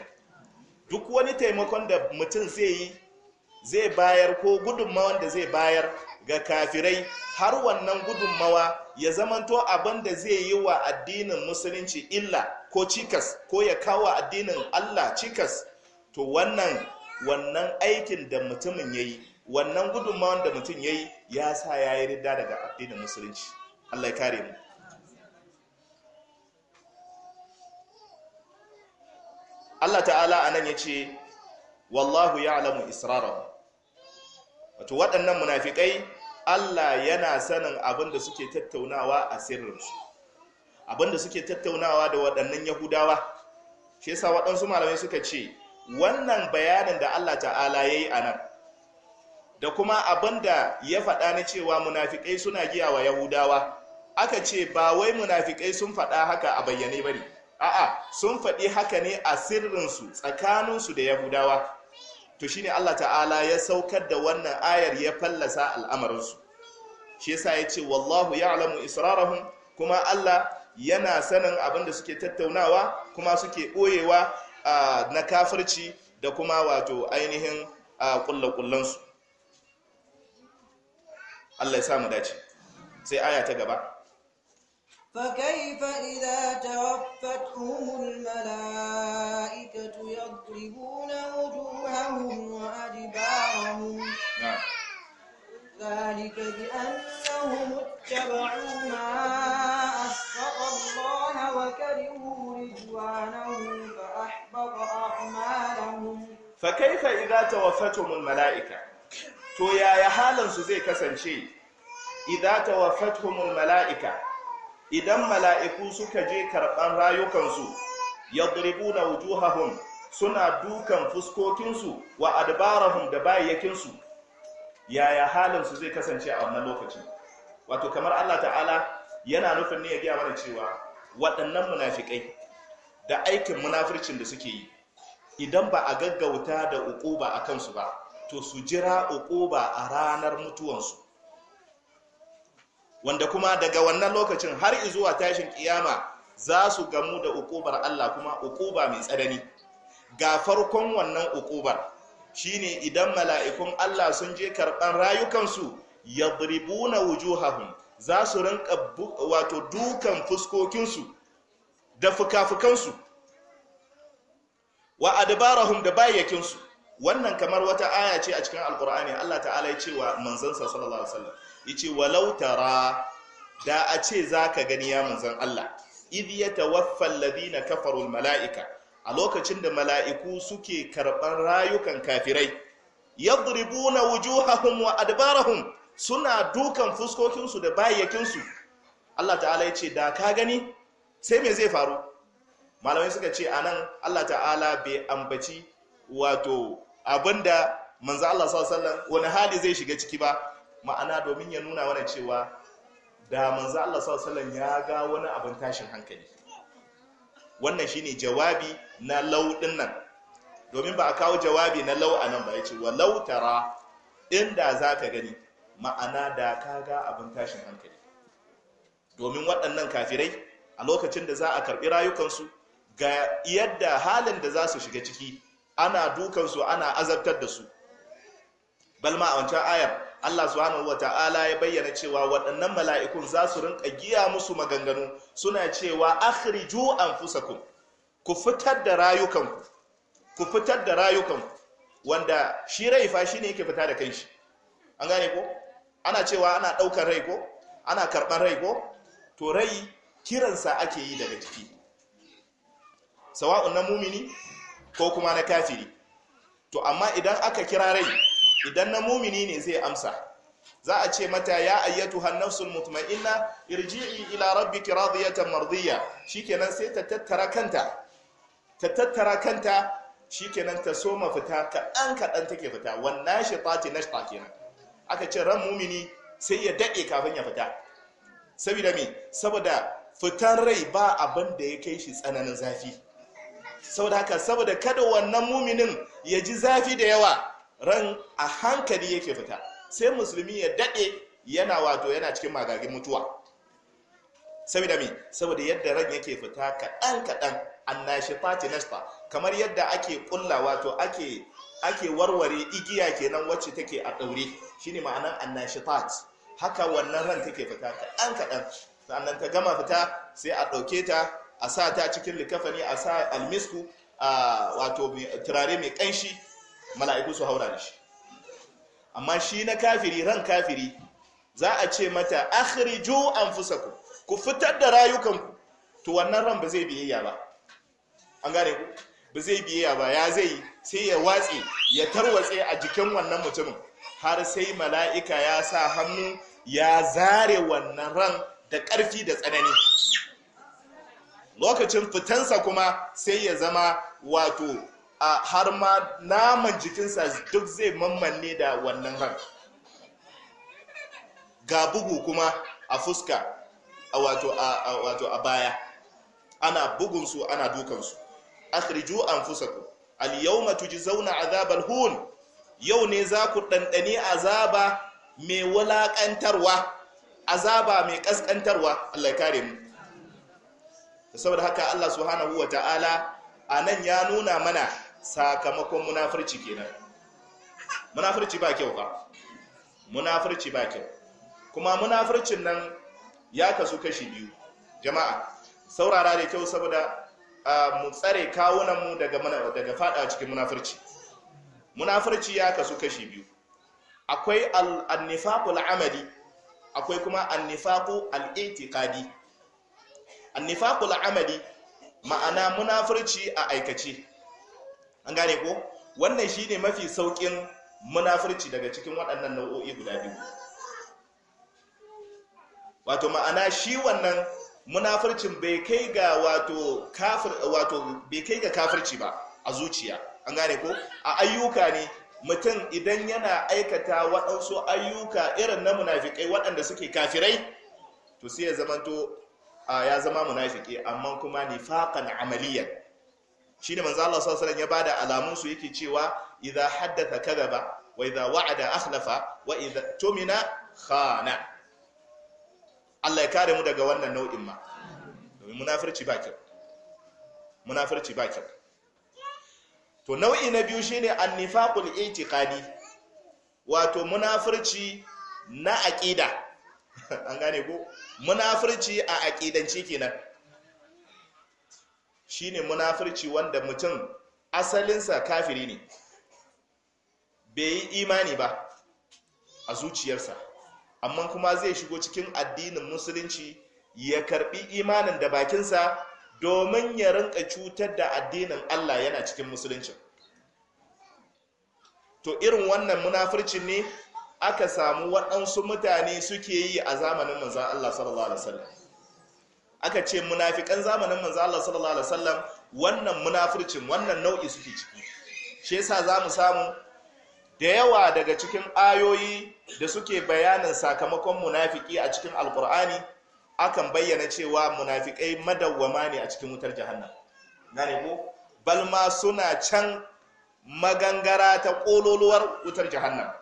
duk wani taimakon da mutum zai yi zai bayar ko gudunmawan da zai bayar ga kafirai har wannan gudunmawa ya zamanto abin da zai yi wa addinin musulunci illa ko cikas ko ya kawo addinin allah cikas to wannan wannan aikin da mutumin ya yi wannan gudunmawan da mutum ya yi ya sa ya yi ridda daga addinin musulunci allah ya kare mu allah ta'ala a nan ya ce wallahu ya alamu isra'ar wato waɗannan munafikai Allah yana sanin abin da suke tattaunawa a sirrinsu abin da suke tattaunawa da waɗannan yahudawa shi yasa waɗansu malamai suka ce wannan bayanin da Allah ta'ala ya yi a nan da kuma abin da ya faɗa na cewa munafikai suna giya wa yahudawa aka ce ba wai munafikai sun faɗa haka a bayyane ba a'a sun faɗi haka ne a sirrinsu tsakaninsu da yahudawa to shine Allah ta'ala ya saukar da wannan ayar ya fallasa al'amarinsu shi yasa ya ce wallahu ya'lamu israrahum kuma Allah yana sanin abin da suke tattaunawa kuma suke ɓoyewa na kafirci da kuma wato ainihin kullakullansu Allah ya samu dace sai aya ta gaba فكيف إذا توفتهم الملائكة يضربون وجوههم وأدبارهم نعم. ذلك بأنهم اتبعوا ما أسخط الله وكرهوا رضوانه فأحبط أعمالهم فكيف إذا توفتهم الملائكة تو يا حالا زي كسنشي إذا توفتهم الملائكة idan mala'iku suka je karɓar rayukansu na yadribuna hahun suna dukan fuskokinsu wa adabarahun da bayyakinsu yaya halinsu zai kasance a wannan lokacin wato kamar Allah ta'ala yana nufin ne ya gaya mana cewa waɗannan munafikai da aikin munafircin da suke yi idan ba a gaggauta da uku ba a kansu ba to su jira uku ba a ranar mutuwansu wanda kuma daga wannan lokacin har zuwa tashin kiyama za su gamu da ukubar Allah kuma ukuba mai tsanani ga farkon wannan ukubar shine idan mala'ikun Allah sun je karɓar rayukansu yadribuna wujuhahum za su rinka wato dukan fuskokinsu da fuka-fukansu wa adbarahum da bayyakinsu wannan kamar wata aya ce a cikin alkur'ani Allah ta'ala ya ce wa manzansa sallallahu alaihi wasallam ya ce walau tara da a ce zaka gani ya manzan Allah idh tawaffa alladhina kafaru almala'ika a lokacin da mala'iku suke karban rayukan kafirai yadribuna wujuhahum wa adbarahum suna dukan fuskokinsu da bayyakinsu Allah ta'ala ya ce da ka gani sai me zai faru malamai suka ce anan Allah ta'ala bai ambaci wato abinda manzo Allah sallallahu wani hali zai shiga ciki ba ma'ana domin ya nuna wani cewa da manzo Allah sallallahu ya ga wani abin tashin hankali wannan shine jawabi na din nan domin ba a kawo jawabi na lau anan ba yace wa lau tara inda ka gani ma'ana da ka ga abin tashin hankali domin waɗannan kafirai a lokacin da za a karɓi rayukansu ga yadda halin da za su shiga ciki ana dukansu ana azabtar da su balma a wancan ayar Allah subhanahu wata'ala ya bayyana cewa waɗannan mala'ikun za su rinka giya musu maganganu suna cewa akhriju anfusakum ku fitar da rayukanku ku fitar da rayukanku wanda shi rai fa shine yake fita da kanshi an gane ko ana cewa ana ɗaukar rai ko ana karɓar rai ko to rai kiransa ake yi daga jiki sawa'un na mumini ko kuma na kafiri to amma idan aka kira rai idan na mumini ne zai amsa za a ce mata ya ayyatu hannafsul mutma'inna irji'i ila rabbiki radiyatan mardiya shikenan sai ta tattara kanta ta tattara kanta shikenan ta soma fita kaɗan kaɗan take fita wannan shi tati na kenan aka ce ran mumini sai ya daɗe kafin ya fita saboda me saboda fitan rai ba abin da ya kai shi tsananin zafi saboda haka saboda kada wannan muminin ya ji zafi da yawa ran a hankali yake fita sai musulmi ya daɗe yana wato yana cikin magagin mutuwa saboda me saboda yadda ran yake fita kaɗan kaɗan annashi fati nasta kamar yadda ake ƙulla wato ake ake warware igiya kenan wacce take a ɗaure shine ma'anar annashi fati haka wannan ran take fita kaɗan kaɗan sannan ta gama fita sai a ɗauke ta a sa ta cikin likafani a sa almisku a wato turare mai kanshi mala'iku su haura da shi amma shi na kafiri ran kafiri za a ce mata an fusaku, ku fitar da rayukanku to wannan ran ba zai biyayya ba an gane ku ba zai biyayya ba ya zai sai ya watse ya tarwatse a jikin wannan mutumin har sai mala'ika ya sa hannu ya zare wannan ran da ƙarfi da tsanani lokacin fitansa kuma sai ya zama wato a har ma naman jikinsa duk zai mammanne da wannan har ga bugu kuma a fuska a wato a baya ana bugunsu ana dukansu akhriju anfusakum al-yawma tujzauna azabal hun yau ne za ku ɗanɗani azaba mai wulaƙantarwa azaba mai ƙasƙantarwa Allah kare mu saboda haka Allah subhanahu ta'ala a nan ya nuna mana sakamakon munafurci kenan munafurci ba kyau ba munafurci ba kyau kuma munafurcin nan ya kasu kashi biyu jama'a saurara da kyau saboda mu tsare kawunanmu daga daga fada cikin munafurci munafurci ya kasu kashi biyu akwai annifaqul amali akwai kuma annifaqu al annifakul amali ma'ana munafurci a aikace an gane ko wannan shine mafi saukin munafurci daga cikin waɗannan nau'o'i guda biyu wato ma'ana shi wannan munafurcin bai kai ga wato kafir wato bai kai ga kafirci ba a zuciya an gane ko a ayyuka ne mutum idan yana aikata waɗansu ayyuka irin na munafikai waɗanda suke kafirai to sai ya zamanto ya zama munafiki amma kuma nifaqan amaliyan shine manzo Allah sallallahu alaihi wasallam ya bada alamun su yake cewa idza haddatha kadhaba wa idza wa'ada akhlafa wa idza tumina khana Allah ya kare mu daga wannan nau'in ma domin munafirci ba kyau munafirci ba kyau to nau'i na biyu shine annifaqul i'tiqadi wato munafirci na aqida an gane ko munafurci a aƙidance kenan shine munafurci wanda mutum asalinsa kafiri ne bai yi imani ba a zuciyarsa amma kuma zai shigo cikin addinin musulunci ya karbi imanin da bakinsa domin ya rinka cutar da addinin Allah yana cikin musulunci to irin wannan munafurcin ne aka samu waɗansu mutane suke yi a zamanin manzan Allah sallallahu alaihi wasallam aka ce munafikan zamanin manzan Allah sallallahu alaihi wasallam wannan munafircin wannan nau'i suke ciki shi yasa mu samu da yawa daga cikin ayoyi da suke bayanin sakamakon munafiki a cikin alkur'ani akan bayyana cewa munafikai madawwama ne a cikin wutar jahannam gane ko Balma suna can magangara ta kololuwar wutar jahannam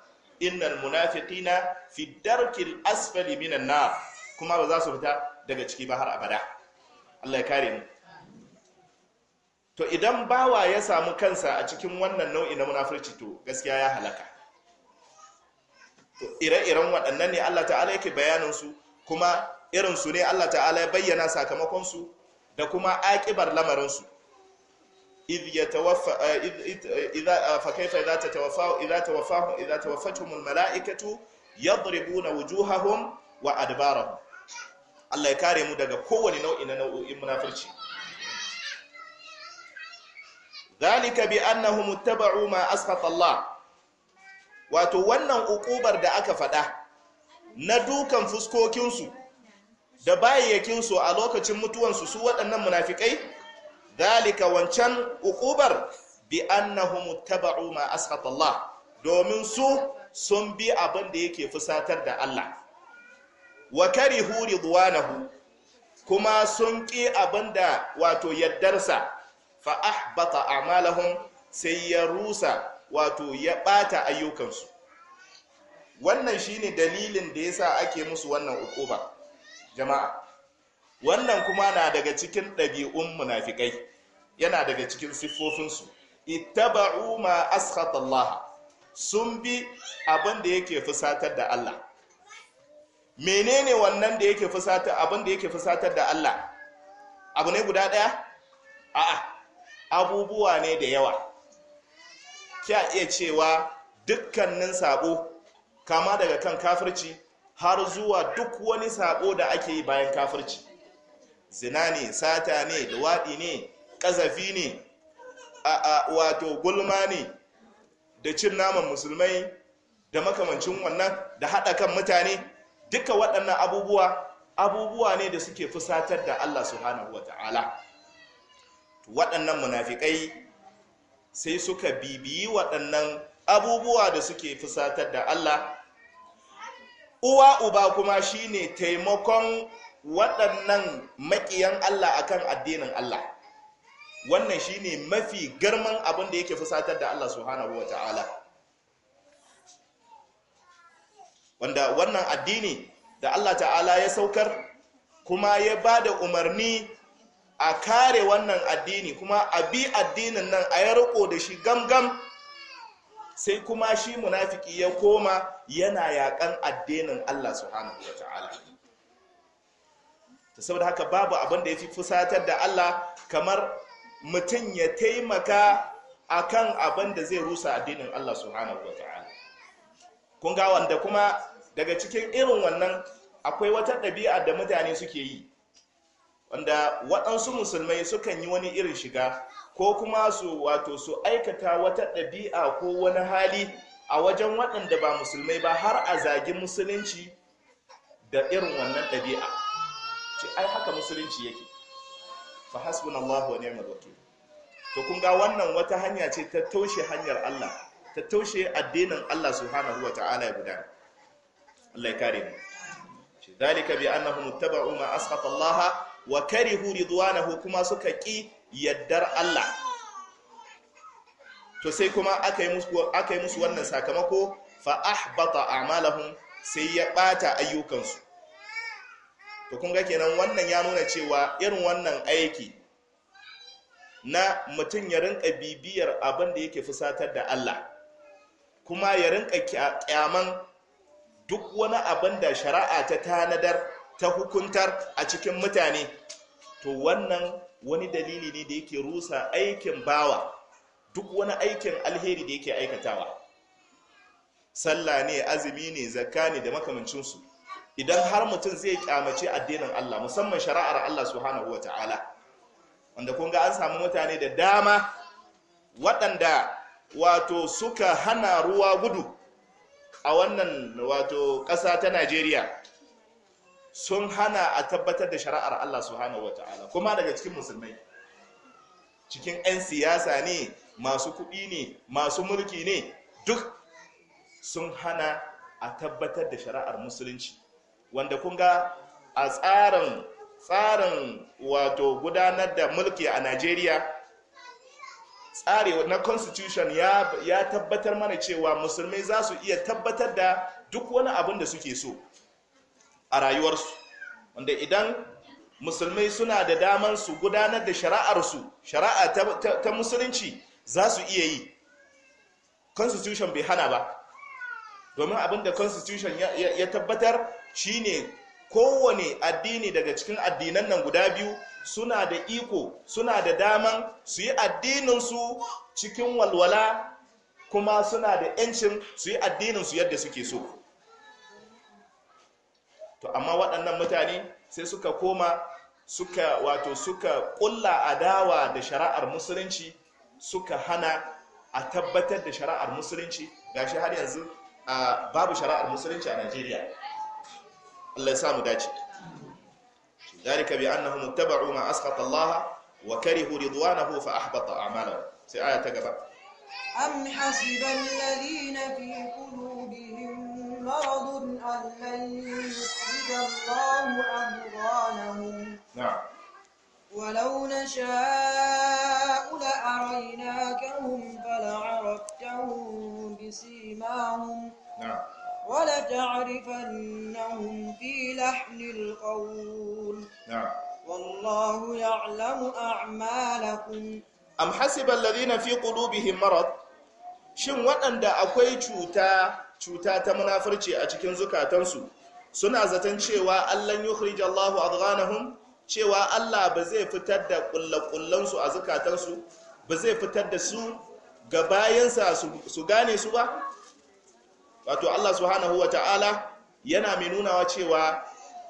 innal munafiqina fi darkil asfali minan nar kuma ba za su fita daga ciki ba har abada Allah ya kare mu to idan bawa ya samu kansa a cikin wannan nau'i na munafirci to gaskiya ya halaka to ire-iren waɗannan ne Allah ta'ala yake bayanin su kuma irin su ne Allah ta'ala ya bayyana sakamakon su da kuma aƙibar lamarin su إذ يتوفى إذا فكيف إذا تتوفى إذا توفاهم إذا توفتهم الملائكة Allah ya kare mu daga kowane nau'i na nau'o'in munafurci zalika bi annahum ittaba'u ma asqata Allah wato wannan ukubar da aka faɗa. na dukan fuskokinsu da bayayyakin su a lokacin mutuwansu su waɗannan munafikai dalika wancan ukubar bi annahum taba'u ma askhata Allah domin su sun bi abin da yake fusatar da Allah wa karihu ridwanahu kuma sun ƙi abin da wato yaddarsa fa ahbata a'malahum sai ya rusa wato ya ɓata ayyukansu wannan shine dalilin da yasa ake musu wannan ukuba jama'a wannan kuma na daga cikin ɗabi'un munafikai yana daga cikin siffofinsu ittaba'u ma askhata Allah sun bi abin da yake fusatar da Allah menene wannan da yake fusatar abin da yake fusatar da Allah abu ne guda daya a'a abubuwa ne da yawa kya iya cewa dukkanin sabo kama daga kan kafirci har zuwa duk wani sabo da ake yi bayan kafirci zina ne sata ne luwaɗi ne ƙazafi ne wato gulma ne da cin naman musulmai da makamancin wannan da haɗa kan mutane duka waɗannan abubuwa abubuwa ne da suke fusatar da allah subhanahu wa ta'ala waɗannan munafikai sai suka bibiyi waɗannan abubuwa da suke fusatar da allah uwa uba kuma shine taimakon waɗannan maƙiyan Allah akan addinin Allah wannan shine mafi girman abin da yake fusatar da Allah subhanahu wata'ala wanda wannan addini da Allah ta'ala ya saukar kuma ya ba da umarni a kare wannan addini kuma a bi addinin nan a ya riko da shi gamgam sai kuma shi munafiki ya koma yana yaƙan addinin Allah subhanahu wata'ala ta saboda haka babu abin da ya fi fusatar da Allah kamar mutum ya taimaka akan abin da zai rusa addinin Allah subhanahu wataala kun ga wanda kuma daga cikin irin wannan akwai wata ɗabi'a da mutane suke yi wanda waɗansu musulmai sukan yi wani irin shiga ko kuma su wato su aikata wata ɗabi'a ko wani hali a wajen waɗanda ba musulmai ba har a zagi musulunci da irin wannan ɗabi'a ce ai haka musulunci yake fa hasbunallahu wa ni'mal wakeel to kun ga wannan wata hanya ce ta taushe hanyar Allah ta taushe addinin Allah subhanahu wa ta'ala ya gudana Allah ya kare mu shi dalika bi annahum ittaba'u ma asqata Allah wa karihu ridwanahu kuma suka ki yaddar Allah to sai kuma aka musu akai musu wannan sakamako fa ahbata a'malahum sai ya bata ayyukansu to kun ga kenan wannan ya nuna cewa irin wannan aiki na mutum ya rinka bibiyar abin da yake fusatar da Allah kuma ya rinka kyaman duk wani abin da shari'a ta tanadar ta hukuntar a cikin mutane to wannan wani dalili ne da yake rusa aikin bawa duk wani aikin alheri da yake aikatawa sallah ne azumi ne zakani da makamancinsu idan har mutum zai kyamace addinin Allah musamman shari'ar Allah subhanahu wata'ala wanda kun ga an samu mutane da dama waɗanda wato suka hana ruwa gudu a wannan wato ƙasa ta Najeriya sun hana a tabbatar da shari'ar Allah subhanahu wata'ala kuma daga cikin musulmai cikin 'yan siyasa ne masu kuɗi ne masu mulki ne duk sun hana a tabbatar da shari'ar musulunci wanda kun ga a tsarin tsarin wato gudanar da mulki a Najeriya tsari na constitution ya, ya tabbatar mana cewa musulmai za su iya tabbatar da duk wani abin da suke so a rayuwarsu wanda idan musulmai suna da daman su gudanar da shari'arsu shari'a ta, musulunci za su iya yi constitution bai hana ba domin abin da constitution ya tabbatar shine kowane addini daga cikin addinan nan guda biyu suna da iko suna da daman su yi addininsu cikin walwala kuma suna da yancin su yi addininsu yadda suke so to amma waɗannan mutane sai suka koma suka wato suka ƙulla adawa da shari'ar musulunci suka hana a tabbatar da shari'ar musulunci gashi har yanzu babu shari'ar musulunci a najeriya الله سامو داتش ذلك بانهم اتبعوا ما اسخط الله وكرهوا رضوانه فاحبط اعماله سي ايه تقبا ام حسب الذين في قلوبهم مرض ان لن يخرج الله اموالهم نعم ولو نشاء لاريناكهم فلعرفتهم بسيماهم نعم ولتعرفنهم في لحن القول نعم والله يعلم أعمالكم أم حسب الذين في قلوبهم مرض shin waɗanda akwai cuta ta munafurci a cikin zukatansu suna zaton cewa Allah yukhrij Allahu adghanahum cewa Allah ba zai fitar da kullakullansu a zukatansu ba zai fitar da su ga bayansa su gane su ba wato Allah subhanahu wa ta'ala yana mai nunawa cewa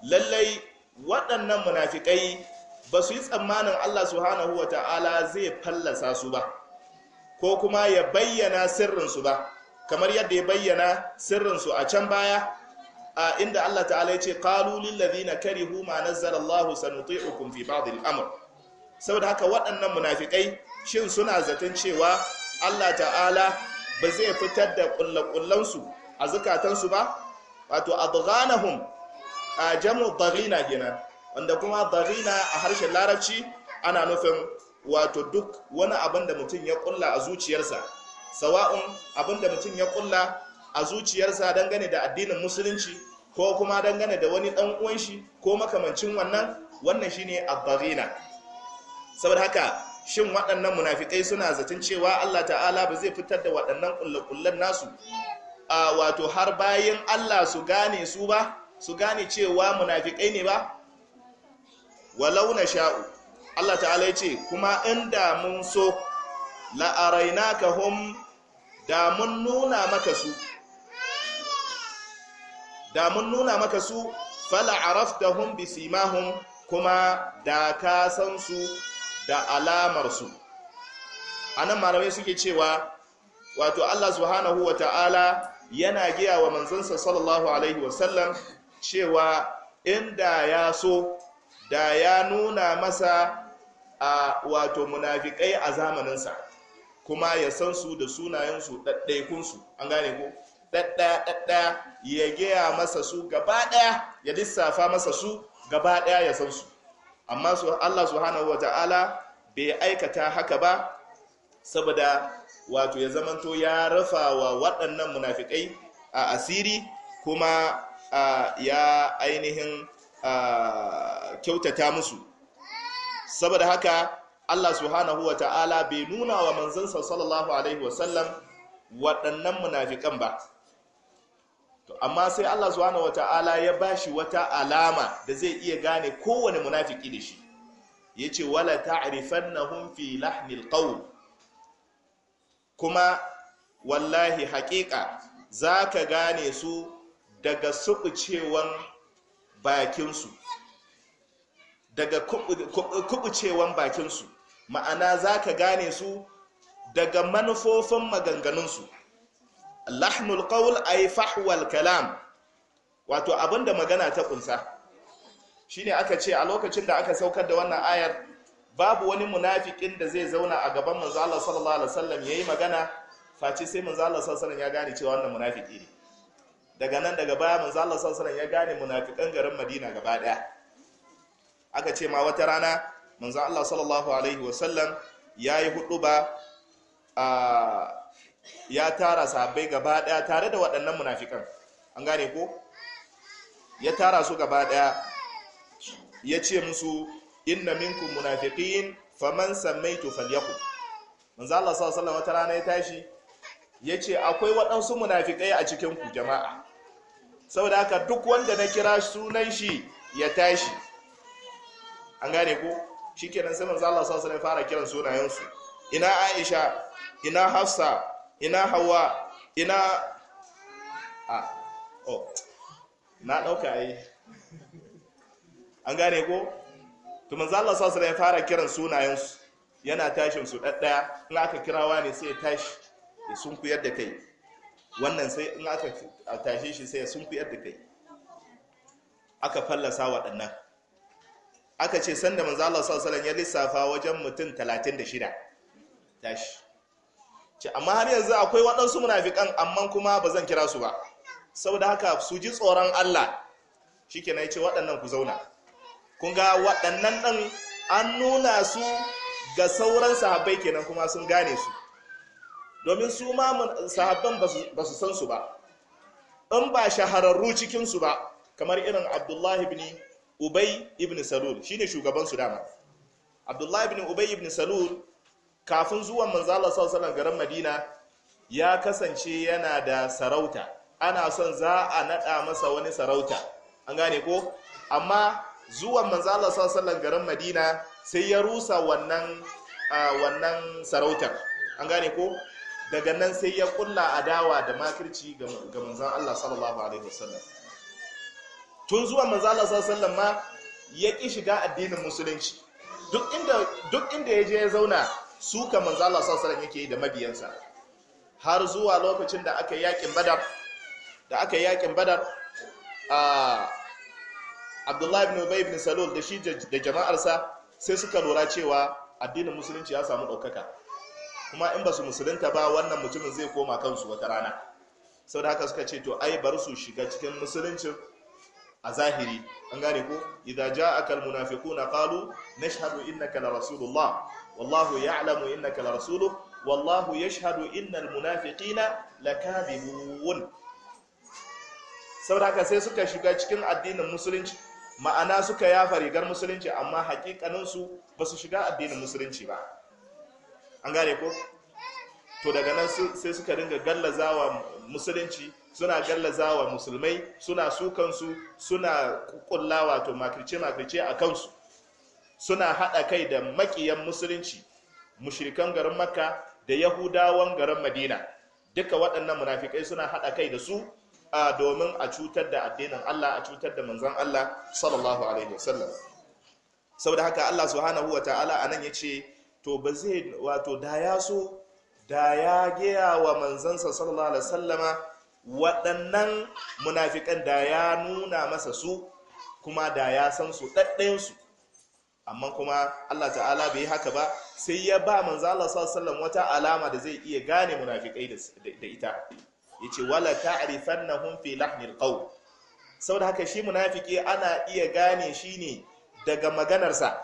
lallai waɗannan munafikai ba su yi tsammanin Allah subhanahu wata'ala ta'ala zai fallasa su ba ko kuma ya bayyana sirrinsu ba kamar yadda ya bayyana sirrinsu a can baya a inda Allah ta'ala ya ce qalu lil kari karihu ma nazar Allah sanuti'ukum fi ba'd al saboda haka waɗannan munafikai shin suna zaton cewa Allah ta'ala ba zai fitar da ƙullaƙullansu. a zukatansu ba wato adghanahum a jamu darina kenan wanda kuma Barina a harshen larabci ana nufin wato duk wani abin da mutum ya kulla a zuciyarsa sawa'un abin da mutum ya kulla a zuciyarsa dangane da addinin musulunci ko kuma dangane da wani dan uwan shi ko makamancin wannan wannan shine adghina Barina. saboda haka shin waɗannan munafikai suna zaton cewa Allah ta'ala ba zai fitar da waɗannan kullakullan nasu wato har bayan Allah su gane su ba su gane cewa munafikai ne ba walau na sha'u Allah ta'ala ya ce kuma inda mun so la'araina ka hum da mun nuna maka su da mun nuna maka su fala araftahum bi simahum kuma da ka san su da alamarsu. su anan malamai suke cewa wato Allah subhanahu wa ta'ala yana giya wa manzansa sallallahu alaihi wasallam cewa inda ya so da ya nuna masa a wato munafikai a zamaninsa kuma ya san su da sunayensu ɗaɗɗaikunsu an gane ko ɗaɗɗa ya giya masa su gaba ɗaya ya lissafa masa su gaba ɗaya ya san su amma Allah subhanahu wa ta'ala bai aikata haka ba saboda wato ya zamanto ya rafa wa waɗannan munafikai a asiri kuma ya ainihin kyautata musu saboda haka Allah subhanahu wa ta'ala bai nuna wa manzansa sallallahu alaihi wasallam waɗannan munafikan ba amma sai Allah subhanahu wa ta'ala ya bashi wata alama da zai iya gane kowane munafiki da shi Ya ce wala ta'rifannahum fi lahnil qawl kuma wallahi hakika za ka gane su daga suɓucewan bakinsu daga kuɓucewan bakinsu ma'ana za ka gane su daga manufofin maganganunsu lahnul qawl ay fahwal kalam wato abinda magana ta kunsa ne aka ce a lokacin da aka saukar da wannan ayar babu wani munafikin da zai zauna a gaban manzo Allah sallallahu alaihi wasallam yayi magana face sai manzo Allah sallallahu alaihi wasallam ya gane cewa wannan munafiki ne daga nan daga baya manzo Allah sallallahu alaihi wasallam ya gane munafikan garin Madina gaba daya aka ce ma wata rana manzo Allah sallallahu alaihi wasallam yayi hudduba a ya tara sahabbai gaba daya tare da waɗannan munafikan an gane ko ya tara su gaba daya ya ce musu inna minkum munafiqin faman sammaytu falyakun manzo Allah sallallahu alaihi wata rana ya tashi yace akwai waɗansu munafikai a cikin ku jama'a saboda haka duk wanda na kira sunan shi ya tashi an gane ko shikenan sai manzo Allah sallallahu alaihi fara kiran sunayen su ina Aisha ina Hafsa ina Hawwa ina a oh na dauka yi an gane ko to manzo Allah sallallahu alaihi ya fara kiran sunayen su yana tashin su daddaya in aka kirawa ne sai ya tashi ya sunkuyar da kai wannan sai in aka tashi shi sai ya sunkuyar da kai aka fallasa waɗannan aka ce sanda manzo Allah sallallahu alaihi ya lissafa wajen mutum 36 tashi ce amma har yanzu akwai waɗansu munafikan amma kuma ba zan kira su ba saboda haka su ji tsoron Allah shikenan ya ce waɗannan ku zauna kun ga waɗannan ɗin an nuna su ga sauran sahabbai kenan kuma sun gane su domin su ma sahabban ba su san su ba in ba shahararru cikinsu ba kamar irin abdullahi ibn ubay ibn salul shine shugaban su dama abdullahi ibn ubay ibn salul kafin zuwan manzala sallallahu garin madina ya kasance yana da sarauta ana son za a nada masa wani sarauta an gane ko amma zuwan manzala sallallahu garin madina sai ya rusa wannan wannan sarautar an gane ko daga nan sai ya kulla adawa da makirci ga manzan Allah sallallahu alaihi wasallam tun zuwa manzan Allah sallallahu alaihi wasallam ma ya ki shiga addinin musulunci duk inda duk inda ya je ya zauna suka manzan Allah sallallahu alaihi yake yi da mabiyansa har zuwa lokacin da aka yakin badar da aka yakin badar a abdullahi ibn ubay ibn salul da shi da jama'arsa sai suka lura cewa addinin musulunci ya samu ɗaukaka kuma in ba su musulunta ba wannan mutumin zai koma kansu wata rana sau haka suka ce to ai bar su shiga cikin musulunci a zahiri an gane ko idan ja'aka almunafiquna qalu nashhadu innaka la rasulullah wallahu ya'lamu innaka la rasuluhu wallahu yashhadu innal munafiqina lakadibun saboda haka sai suka shiga cikin addinin musulunci ma'ana suka yafa rigar musulunci amma hakikaninsu ba su shiga addinin musulunci ba an gane ko to daga nan sai suka dinga gallazawa musulunci suna gallazawa musulmai suna sukansu suna kulla wato makirce-makirce a kansu suna haɗa kai da makiyan musulunci mushirikan garin makka da yahudawan garin madina duka waɗannan munafikai suna haɗa kai da su domin a cutar da addinin Allah a cutar da manzan Allah sallallahu alaihi wasallam saboda haka Allah subhanahu wa ta'ala anan yace to ba zai wato da ya so da ya gaya wa manzansa sallallahu alaihi wasallama waɗannan munafikan da ya nuna masa su kuma da ya san su ɗaɗɗayan su amma kuma Allah ta'ala bai haka ba sai ya ba manzan Allah sallallahu alaihi wasallam wata alama da zai iya gane munafikai da ita yace wala ta'rifannahum fi lahnil qawl saboda haka shi munafiki ana iya gane shi ne daga maganarsa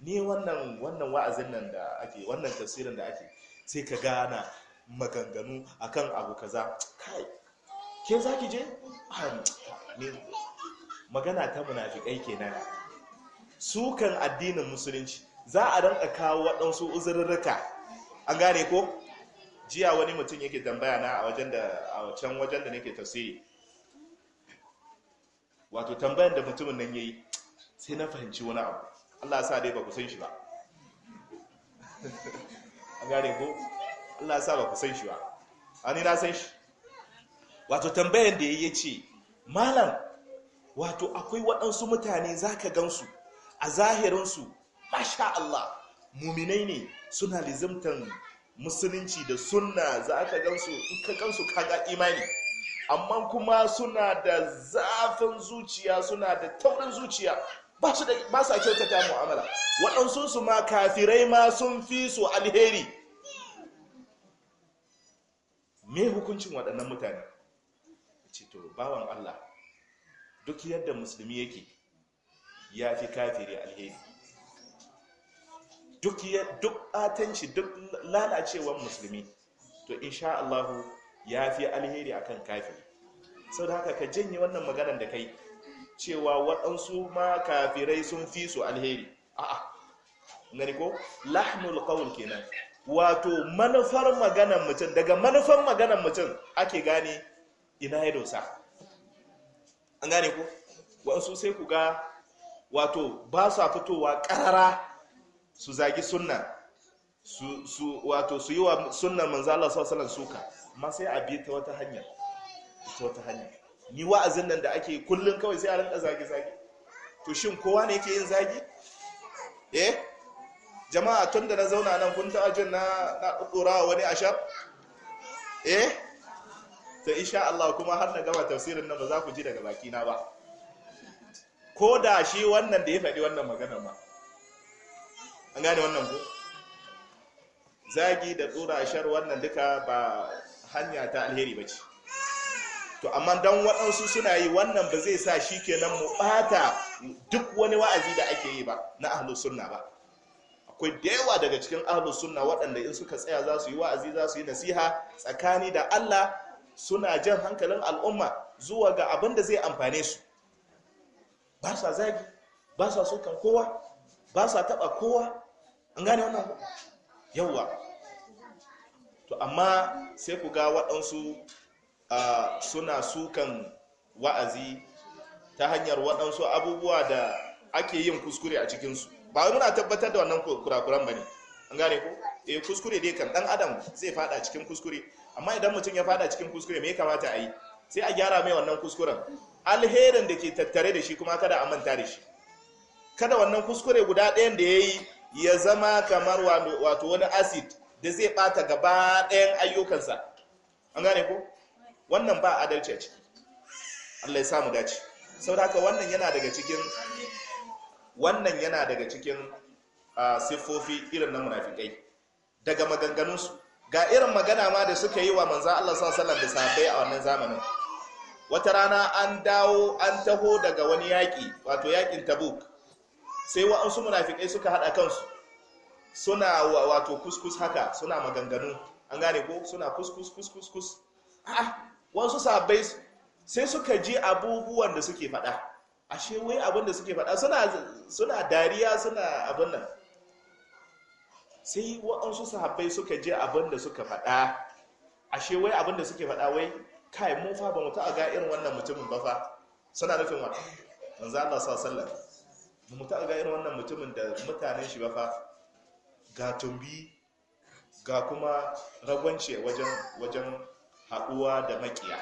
ni wannan wannan wa'azin nan da ake wannan tafsirin da ake sai ka gana maganganu akan abu kaza kai ke zaki je magana ta munafikai kenan su kan addinin musulunci za a ranka kawo waɗansu uzurruka an gane ko jiya wani mutum yake tambaya na a wajen da a can wajen da nake tafsiri wato tambayan da mutumin nan yayi sai na fahimci wani abu Allah sa dai ba ku san shi ba a gane ko Allah sa ba ku san shi ba ani na san shi wato tambayan da yayi ce malam wato akwai waɗansu mutane zaka gansu a zahirinsu masha Allah muminai ne suna lizimtan musulunci da sunna za ka gansu ka gansu kaga imani amma kuma suna da zafin zuciya suna da taurin zuciya ba su kyautata mu'amala waɗansu su ma kafirai ma sun fi su alheri me hukuncin waɗannan mutane ce to bawan Allah duk yadda musulmi yake ya fi kafiri alheri duk ya duk atanci duk lalacewar musulmi to insha Allah ya fi alheri akan kafiri sau da haka ka janye wannan maganar da kai cewa waɗansu ma kafirai sun fi su alheri a'a gani ko lahmul qawl kenan wato manufar maganar mutum daga manufar maganar mutum ake gane ina ya dosa an gane ko Waɗansu sai ku ga wato ba sa fitowa ƙarara su zagi sunna su su wato su yi wa sunnar manzo Allah sallallahu alaihi wasallam suka amma sai a bi ta wata hanya ta wata hanya ni wa'azin nan da ake kullun kawai sai a rinka zagi zagi to shin kowa ne yake yin zagi eh jama'a tun da na zauna nan kun ta ajin na na dora wani ashab eh ta insha Allah kuma har na gama tafsirin nan ba za ku ji daga baki na ba ko da shi wannan da ya faɗi wannan maganar ma an gane wannan ko zagi da tsura wannan duka ba hanya ta alheri ba ce to amma don waɗansu suna yi wannan ba zai sa shi kenan mu ɓata duk wani wa'azi da ake yi ba na ahlu sunna ba akwai da yawa daga cikin ahlu sunna waɗanda in suka tsaya za su yi wa'azi za su yi nasiha tsakani da Allah suna jan hankalin al'umma zuwa ga abin da zai amfane su ba sa zagi ba sa sukan kowa ba sa taɓa kowa an gane wannan yauwa to amma sai ku ga waɗansu suna sukan wa'azi ta hanyar waɗansu abubuwa da ake yin kuskure a cikinsu ba wani muna tabbatar da wannan kurakuran ba ne an gane ku. eh kuskure dai kan ɗan adam zai fada cikin kuskure amma idan mutum ya fada cikin kuskure me ya kamata a yi sai a gyara mai wannan kuskuren alherin da ke tattare da shi kuma kada a manta da shi kada wannan kuskure guda ɗayan da ya yi ya zama kamar wato wani acid da zai bata gaba ɗayan ayyukansa an gane ku. wannan ba adalci a ciki allah ya samu dace saboda haka wannan yana daga cikin wannan yana daga cikin siffofi irin na munafikai daga maganganunsu ga irin magana ma da suka yi wa manza allah sa sallam da sahabbai a wannan zamanin wata rana an dawo an taho daga wani yaƙi wato yaƙin tabuk sai wa'ansu munafikai suka haɗa kansu suna wato kuskus haka suna maganganu an gane ko suna kuskus kuskus kus a'a wasu sabai sai suka ji abubuwan da suke faɗa ashe wai abin da suke faɗa suna dariya suna abin nan sai wa'ansu sahabbai suka ji abin da suka faɗa ashe wai abin da suke faɗa wai kai mun fa ba mu ta ga irin wannan mutumin ba fa suna nufin wa manzo Allah sallallahu alaihi wasallam mutu taɓa ga irin wannan mutumin da mutanen shi ba fa ga tumbi ga kuma ragwance wajen wajen haɗuwa da makiya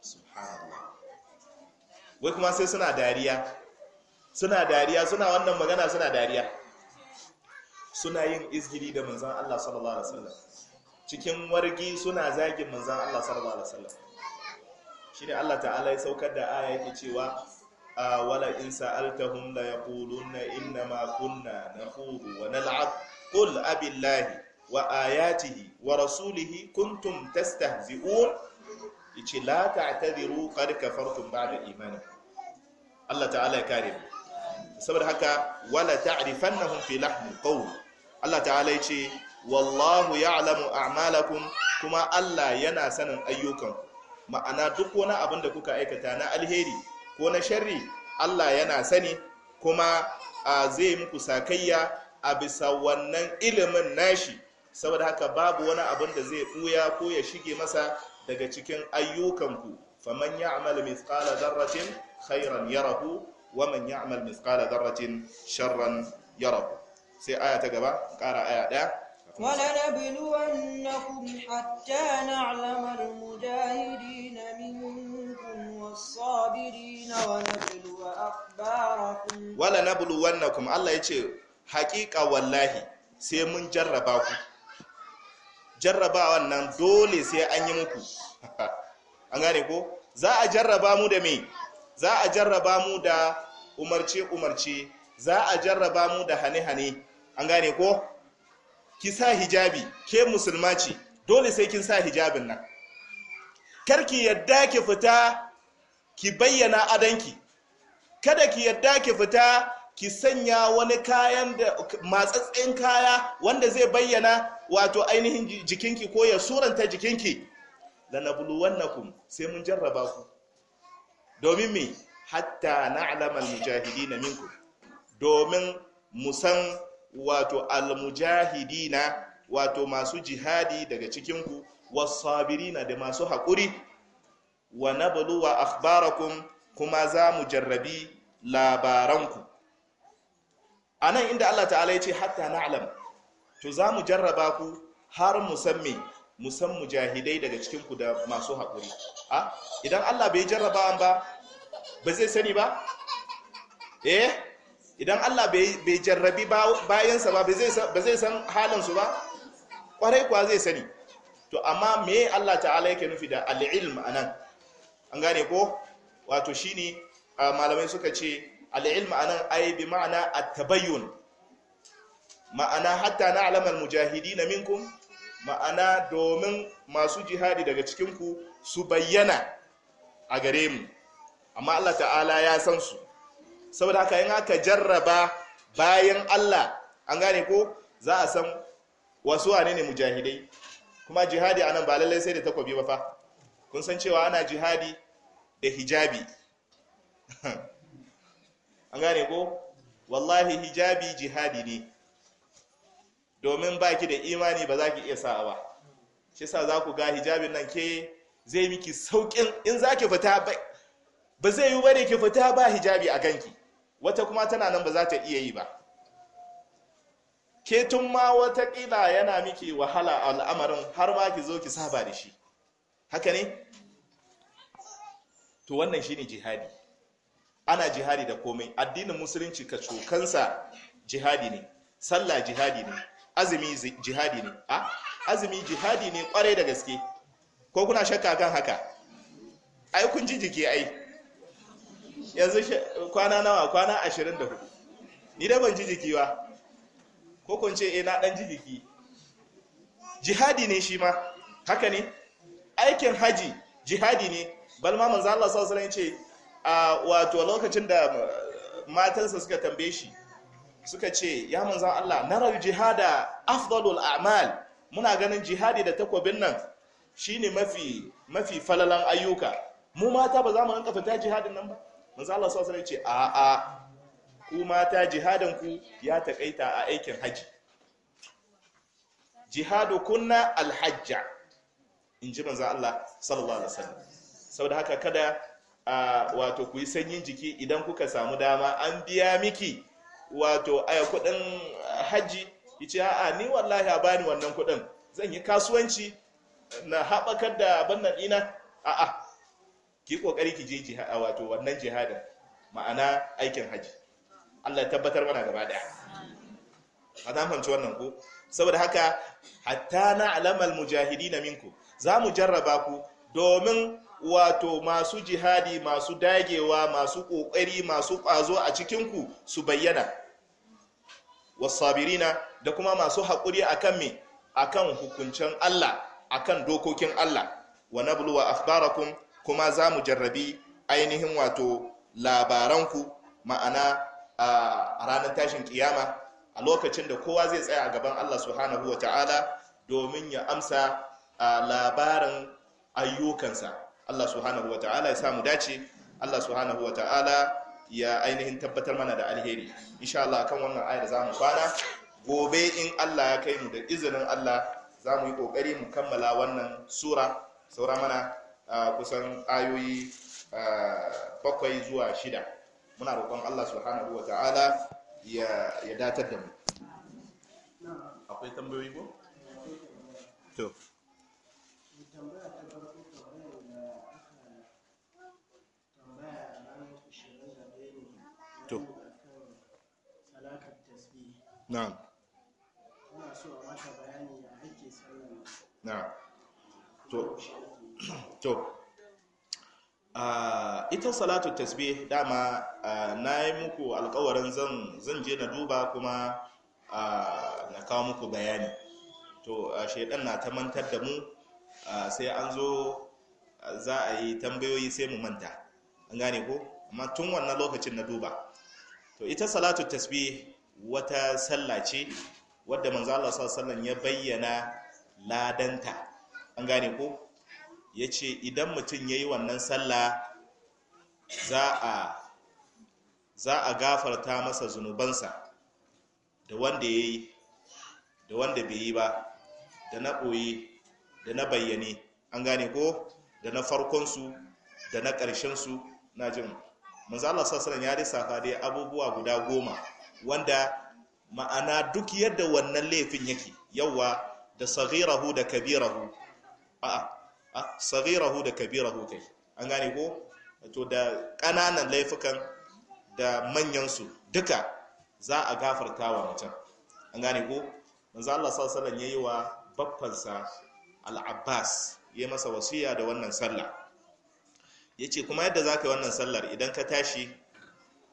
subhanallah wai kuma sai suna dariya suna dariya suna wannan magana suna dariya suna yin izgiri da manzan Allah sallallahu alaihi wasallam cikin wargi suna zagin manzan Allah sallallahu alaihi wasallam shine Allah ta'ala ya saukar da aya yake cewa wala in sa'altahum la yaquluna inna ma kunna nakhudhu wa nal'ab qul abillahi wa ayatihi wa rasulihi kuntum tastahzi'un yace la ta'tadiru qad kafartum ba'da imanikum Allah ta'ala ya kare saboda haka wala ta'rifannahum fi lahmi qawl Allah ta'ala yace wallahu ya'lamu a'malakum kuma Allah yana sanin ayyukanku ma'ana duk wani abin da kuka aikata na alheri ko na sharri Allah yana sani kuma a zai muku sakayya a bisa wannan ilimin nashi saboda haka babu wani abin da zai ɓuya ko ya shige masa daga cikin ayyukanku faman ya'mal mithqala dharratin khairan yarahu wa man ya'mal mithqala dharratin sharran yarahu sai aya ta gaba ƙara aya ɗaya ولنبلونكم حتى نعلم المجاهدين منكم Wala na bulu wannan kuma, Allah ya ce haƙiƙa wallahi sai mun jarraba ku Jarraba wannan dole sai an yi muku an gane ko za a jarraba mu da me za a jarraba mu da umarce-umarce za a jarraba mu da hane-hane an gane ko ki sa hijabi ke musulma ce dole sai kin sa hijabin nan karki yadda ki fita ki bayyana adanki kada ki yadda ki fita ki sanya wani kayan da matsatsin kaya wanda zai bayyana wato ainihin jikinki ko ya suranta jikinki lanabluwannakum sai mun jarraba ku domin me hatta al-mujahidi na minkum domin musan wato almujahidina wato masu jihadi daga cikinku wasabirina da masu haƙuri wa nabluwa akhbarakum kuma za mu jarrabi labaranku A nan inda Allah ta'ala ya ce hatta na'lam to za mu jarraba ku har mu san me mu san mujahidai daga cikin ku da masu haƙuri a idan Allah bai jarraba ba ba zai sani ba eh idan Allah bai jarrabi bayansa ba ba zai san halinsu ba kwarai kuwa zai sani to amma me Allah ta'ala yake nufi da al'ilm nan? an gane ko wato shine malamai suka ce al'ilmu anan ai bi ma'ana at-tabayyun ma'ana hatta na alamar mujahidi na minkum ma'ana domin masu jihadi daga cikin ku su bayyana a gare mu amma Allah ta'ala ya san su saboda haka yin aka jarraba bayan Allah an gane ko za a san wasu wane ne mujahidai kuma jihadi anan ba lallai sai da takwabi ba fa kun san cewa ana jihadi da hijabi an gane ko wallahi hijabi jihadi ne domin baki da imani ba za ki iya sa'a ba shi sa za ku ga hijabin nan ke zai miki saukin in za ki fita ba zai yi bane ki fita ba hijabi a ganki wata kuma tana nan ba za ta iya yi ba ke tun ma watakila yana miki wahala al'amarin har ma ki zo ki saba da shi haka ne to wannan shine jihadi ana jihadi da komai addinin musulunci ka cokansa jihadi ne sallah jihadi ne azumi jihadi ne a azumi jihadi ne kwarai da gaske ko kuna shakka kan haka ai kun ji jiki ai yanzu kwana nawa kwana 24 ni da ban ji jiki ba ko kun ce eh na dan ji jiki jihadi ne shi ma haka ne aikin haji jihadi ne balma manzo Allah sallallahu alaihi ce a wato lokacin da uh, matansa suka tambaye shi suka ce ya manzo Allah naral jihada afdalul a'mal muna ganin jihadi da takwabin nan shine mafi mafi falalan ayyuka mu mata ba za mu rinka fita jihadin nan ba manzo Allah sallallahu alaihi ce a a ku mata jihadin ku ya takaita a aikin haji jihadu kunna alhajja in ji manzan Allah sallallahu alaihi wasallam saboda haka kada wato ku yi sanyin jiki idan kuka samu dama an biya miki wato aya kudin haji yace ha'a ni wallahi a bani wannan kudin zan yi kasuwanci na haɓakar da nan ina a'a ki kokari ki je jihada wato wannan jihada ma'ana aikin haji Allah ya tabbatar mana gaba daya a fahimci wannan ku. saboda haka hatta na alamal na minku za mu jarraba ku domin wato masu jihadi masu dagewa masu ƙoƙari masu ƙwazo a cikinku su bayyana wasabirina da kuma masu haƙuri akan me akan hukuncin Allah akan dokokin Allah wa nabluwa akhbarakum kuma za mu jarrabi ainihin wato labaranku ma'ana a ranar tashin kiyama a lokacin da kowa zai tsaya a gaban Allah subhanahu wa ta'ala domin ya amsa a labarin ayyukansa Allah subhanahu ta'ala ya samu dace Allah subhanahu ta'ala ya ainihin tabbatar mana da alheri insha Allah kan wannan ayar zamu kwana gobe in Allah ya kai mu da izinin Allah zamu yi kokari mu kammala wannan sura saura mana kusan ayoyi bakwai zuwa shida muna roƙon Allah subhanahu ta'ala ya datar da mu akwai tambayoyi ko to ita salatu tasbih dama na yi muku alkawarin zan je na duba kuma na kawo muku bayani to shaidan na ta da mu sai an zo za a yi tambayoyi sai mu manta an gane ko amma tun wannan lokacin na duba to ita salatu tasbih wata sallah ce wadda manzo Allah sallallahu ya bayyana ladanta an gane ko yace idan mutum yayi wannan sallah za a za a gafarta masa zunubansa da wanda yayi da wanda bai yi ba da na ɓoye da na bayyane an gane ko da na farkonsu da na ƙarshensu na jin manzo Allah sallallahu ya lissafa dai abubuwa guda goma wanda ma'ana duk yadda wannan laifin yake yawa da saghirahu da kabirahu a'a a saghirahu da kabirahu kai an gane ko to da ƙananan laifukan da manyansu duka za a gafarta wa mutum an gane ko manzo Allah sallallahu alaihi wa baffansa al-Abbas yayi masa wasiya da wannan sallah yace kuma yadda zaka yi wannan sallar idan ka tashi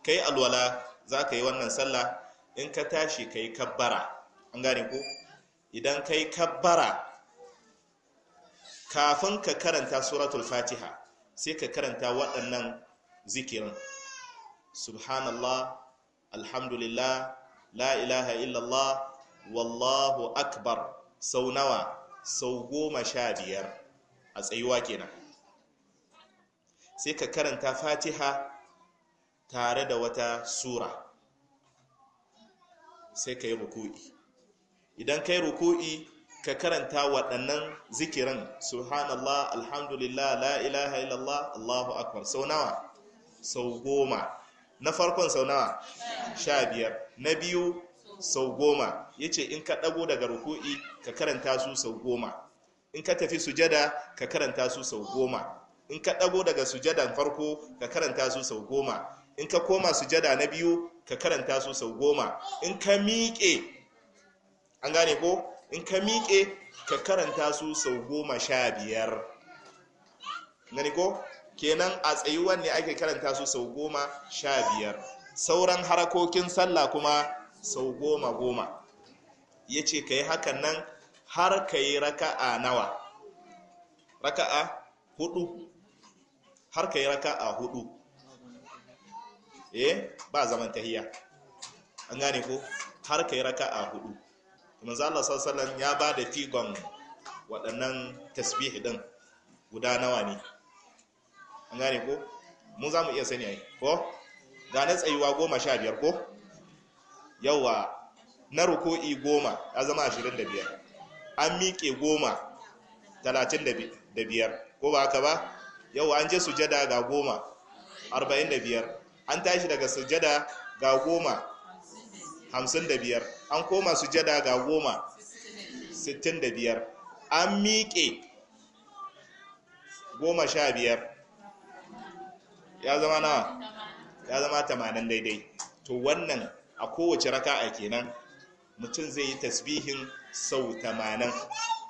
kai alwala za ka yi wannan sallah in ka tashi ka yi kabbara an gane ku. idan ka yi kabbara kafin ka karanta suratul fatiha sai ka karanta waɗannan zikirin subhanallah alhamdulillah la ilaha illallah wallahu akbar sau nawa sau goma sha biyar a tsayuwa kenan sai ka karanta fatiha tare da wata sura sai ka yi ruku'i idan ka yi ruku'i ka karanta waɗannan zikiran subhanallah alhamdulillah la ilaha illallah allahu akbar sau nawa sau goma na farkon sau nawa sha biyar na biyu sau goma ya ce in ka ɗago daga ruku'i ka karanta su sau goma in ka tafi sujada ka karanta su sau goma in ka ɗago daga sujadan farko ka karanta su sau goma in ka koma sujada na biyu ka karanta su sau goma in ka miƙe an gane ko in ka miƙe ka karanta su sau goma sha biyar gani ko kenan a tsayuwan ne ake karanta su sau goma sha biyar sauran harakokin sallah kuma sau goma goma ya ce ka yi hakan nan har ka yi raka'a nawa raka'a hudu har ka yi raka'a hudu eh ba zaman tahiya an gane ko har kai raka'a hudu manzo Allah sallallahu ya ba da figon waɗannan tasbih din guda nawa ne an gane ko mu za mu iya sani ai ko ga na tsayuwa goma sha biyar ko yawa na ruku'i goma ya zama ashirin da biyar an miƙe goma talatin da biyar ko ba haka ba yawa an je sujada ga goma arba'in da biyar an tashi daga sujada ga goma hamsin da biyar an koma sujada ga goma sittin da biyar an miƙe goma sha biyar ya zama nawa ya zama tamanin daidai to wannan a kowace raka'a kenan mutum zai yi tasbihin sau tamanin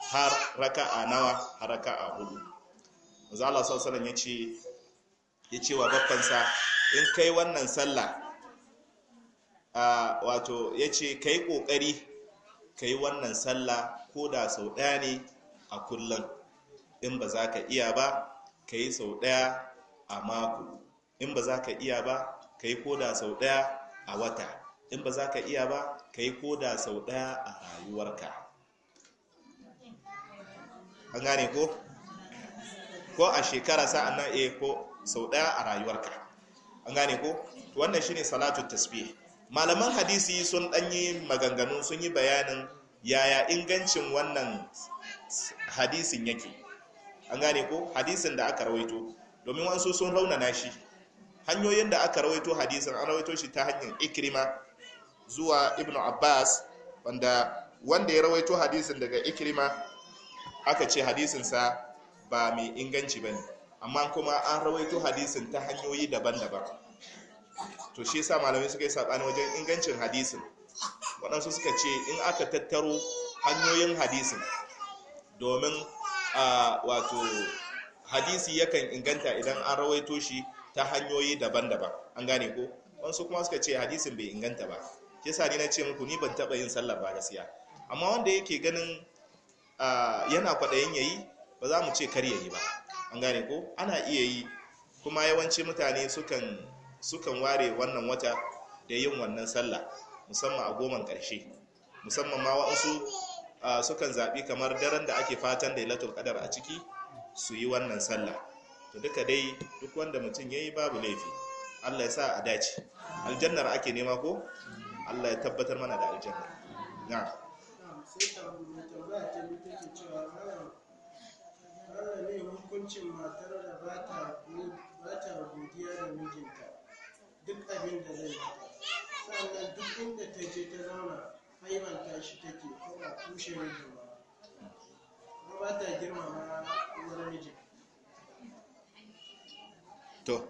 har raka'a nawa har raka'a hudu. Mazala sallallahu ya ya ce wa babbansa in kai wannan sallah wato ya ce ka yi ƙoƙari ka yi wannan sallah ko da sau ɗaya ne a kullum in ba za ka iya ba ka yi sau ɗaya a mako in ba za ka iya ba ka yi ko da sau ɗaya a wata in ba za ka iya ba ka yi ko da sau ɗaya a rayuwarka an gane ko ko a shekara sa'an nan e ko sau ɗaya a rayuwarka an gane ko to wannan shine salatu tasbih malaman hadisi sun danyi maganganu sun yi bayanin yaya ingancin wannan hadisin yake an gane ko hadisin da aka rawaito domin wasu sun raunana shi hanyoyin da aka rawaito hadisin an rawaito shi ta hanyar ikrima zuwa ibnu abbas wanda wanda ya rawaito hadisin daga ikrima aka ce hadisinsa ba mai inganci ba ne amma kuma an rawaito hadisin ta hanyoyi daban-daban to shi sa malamai suka yi saɓani wajen ingancin hadisin waɗansu suka ce in aka tattaro hanyoyin hadisin domin wato hadisi yakan inganta idan an rawaito shi ta hanyoyi daban-daban an gane ko wasu kuma suka ce hadisin bai inganta ba shi yasa ni na ce muku ni ban taɓa yin sallah ba gaskiya amma wanda yake ganin yana kwaɗayin yayi ba za mu ce kar yayi ba an gane ko ana iya yi kuma yawanci mutane sukan sukan ware wannan wata da yin wannan sallah musamman a goman karshe musamman ma waɗansu sukan zaɓi kamar daren da ake fatan da ilatul kadar a ciki su yi wannan sallah to duka dai duk wanda mutum ya yi babu laifi allah ya sa a dace aljannar ake nema ko allah ya tabbatar mana da aljannar na ne hukuncin matar da ba ta godiya da mijinta duk abin da zai mata sannan duk inda ta je ta zauna haibanta shi take ko kushe mijin ba ba ta mijin to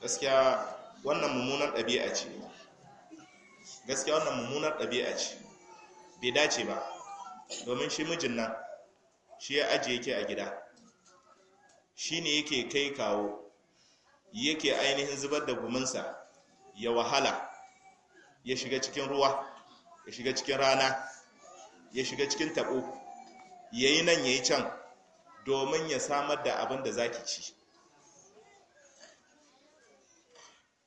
gaskiya wannan mummunar ɗabi'a ce gaskiya wannan mummunar ɗabi'a ce bai dace ba domin shi mijin nan shi ya ajiye ke a gida shi ne yake kai kawo yake ainihin zubar da guminsa ya wahala ya shiga cikin ruwa ya shiga cikin rana ya shiga cikin taɓo ya yi nan ya yi can domin ya samar da abin da za ki ci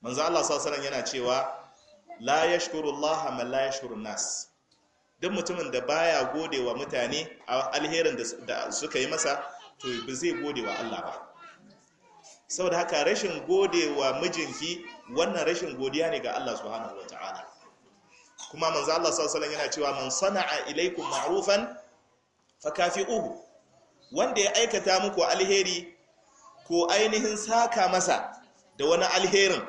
manzo Allah sallallahu yana cewa la yashkurullaha man la yashkurun nas don mutumin da baya gode wa mutane a alherin da suka yi masa to ba zai gode wa Allah ba saboda haka rashin gode wa mijinki wannan rashin godiya ne ga Allah subhanahu ta'ala kuma manzo Allah sallallahu alaihi yana cewa man sana'a ilaikum ma'rufan fakafi'uhu wanda ya aikata muku alheri ko ainihin saka masa da wani alherin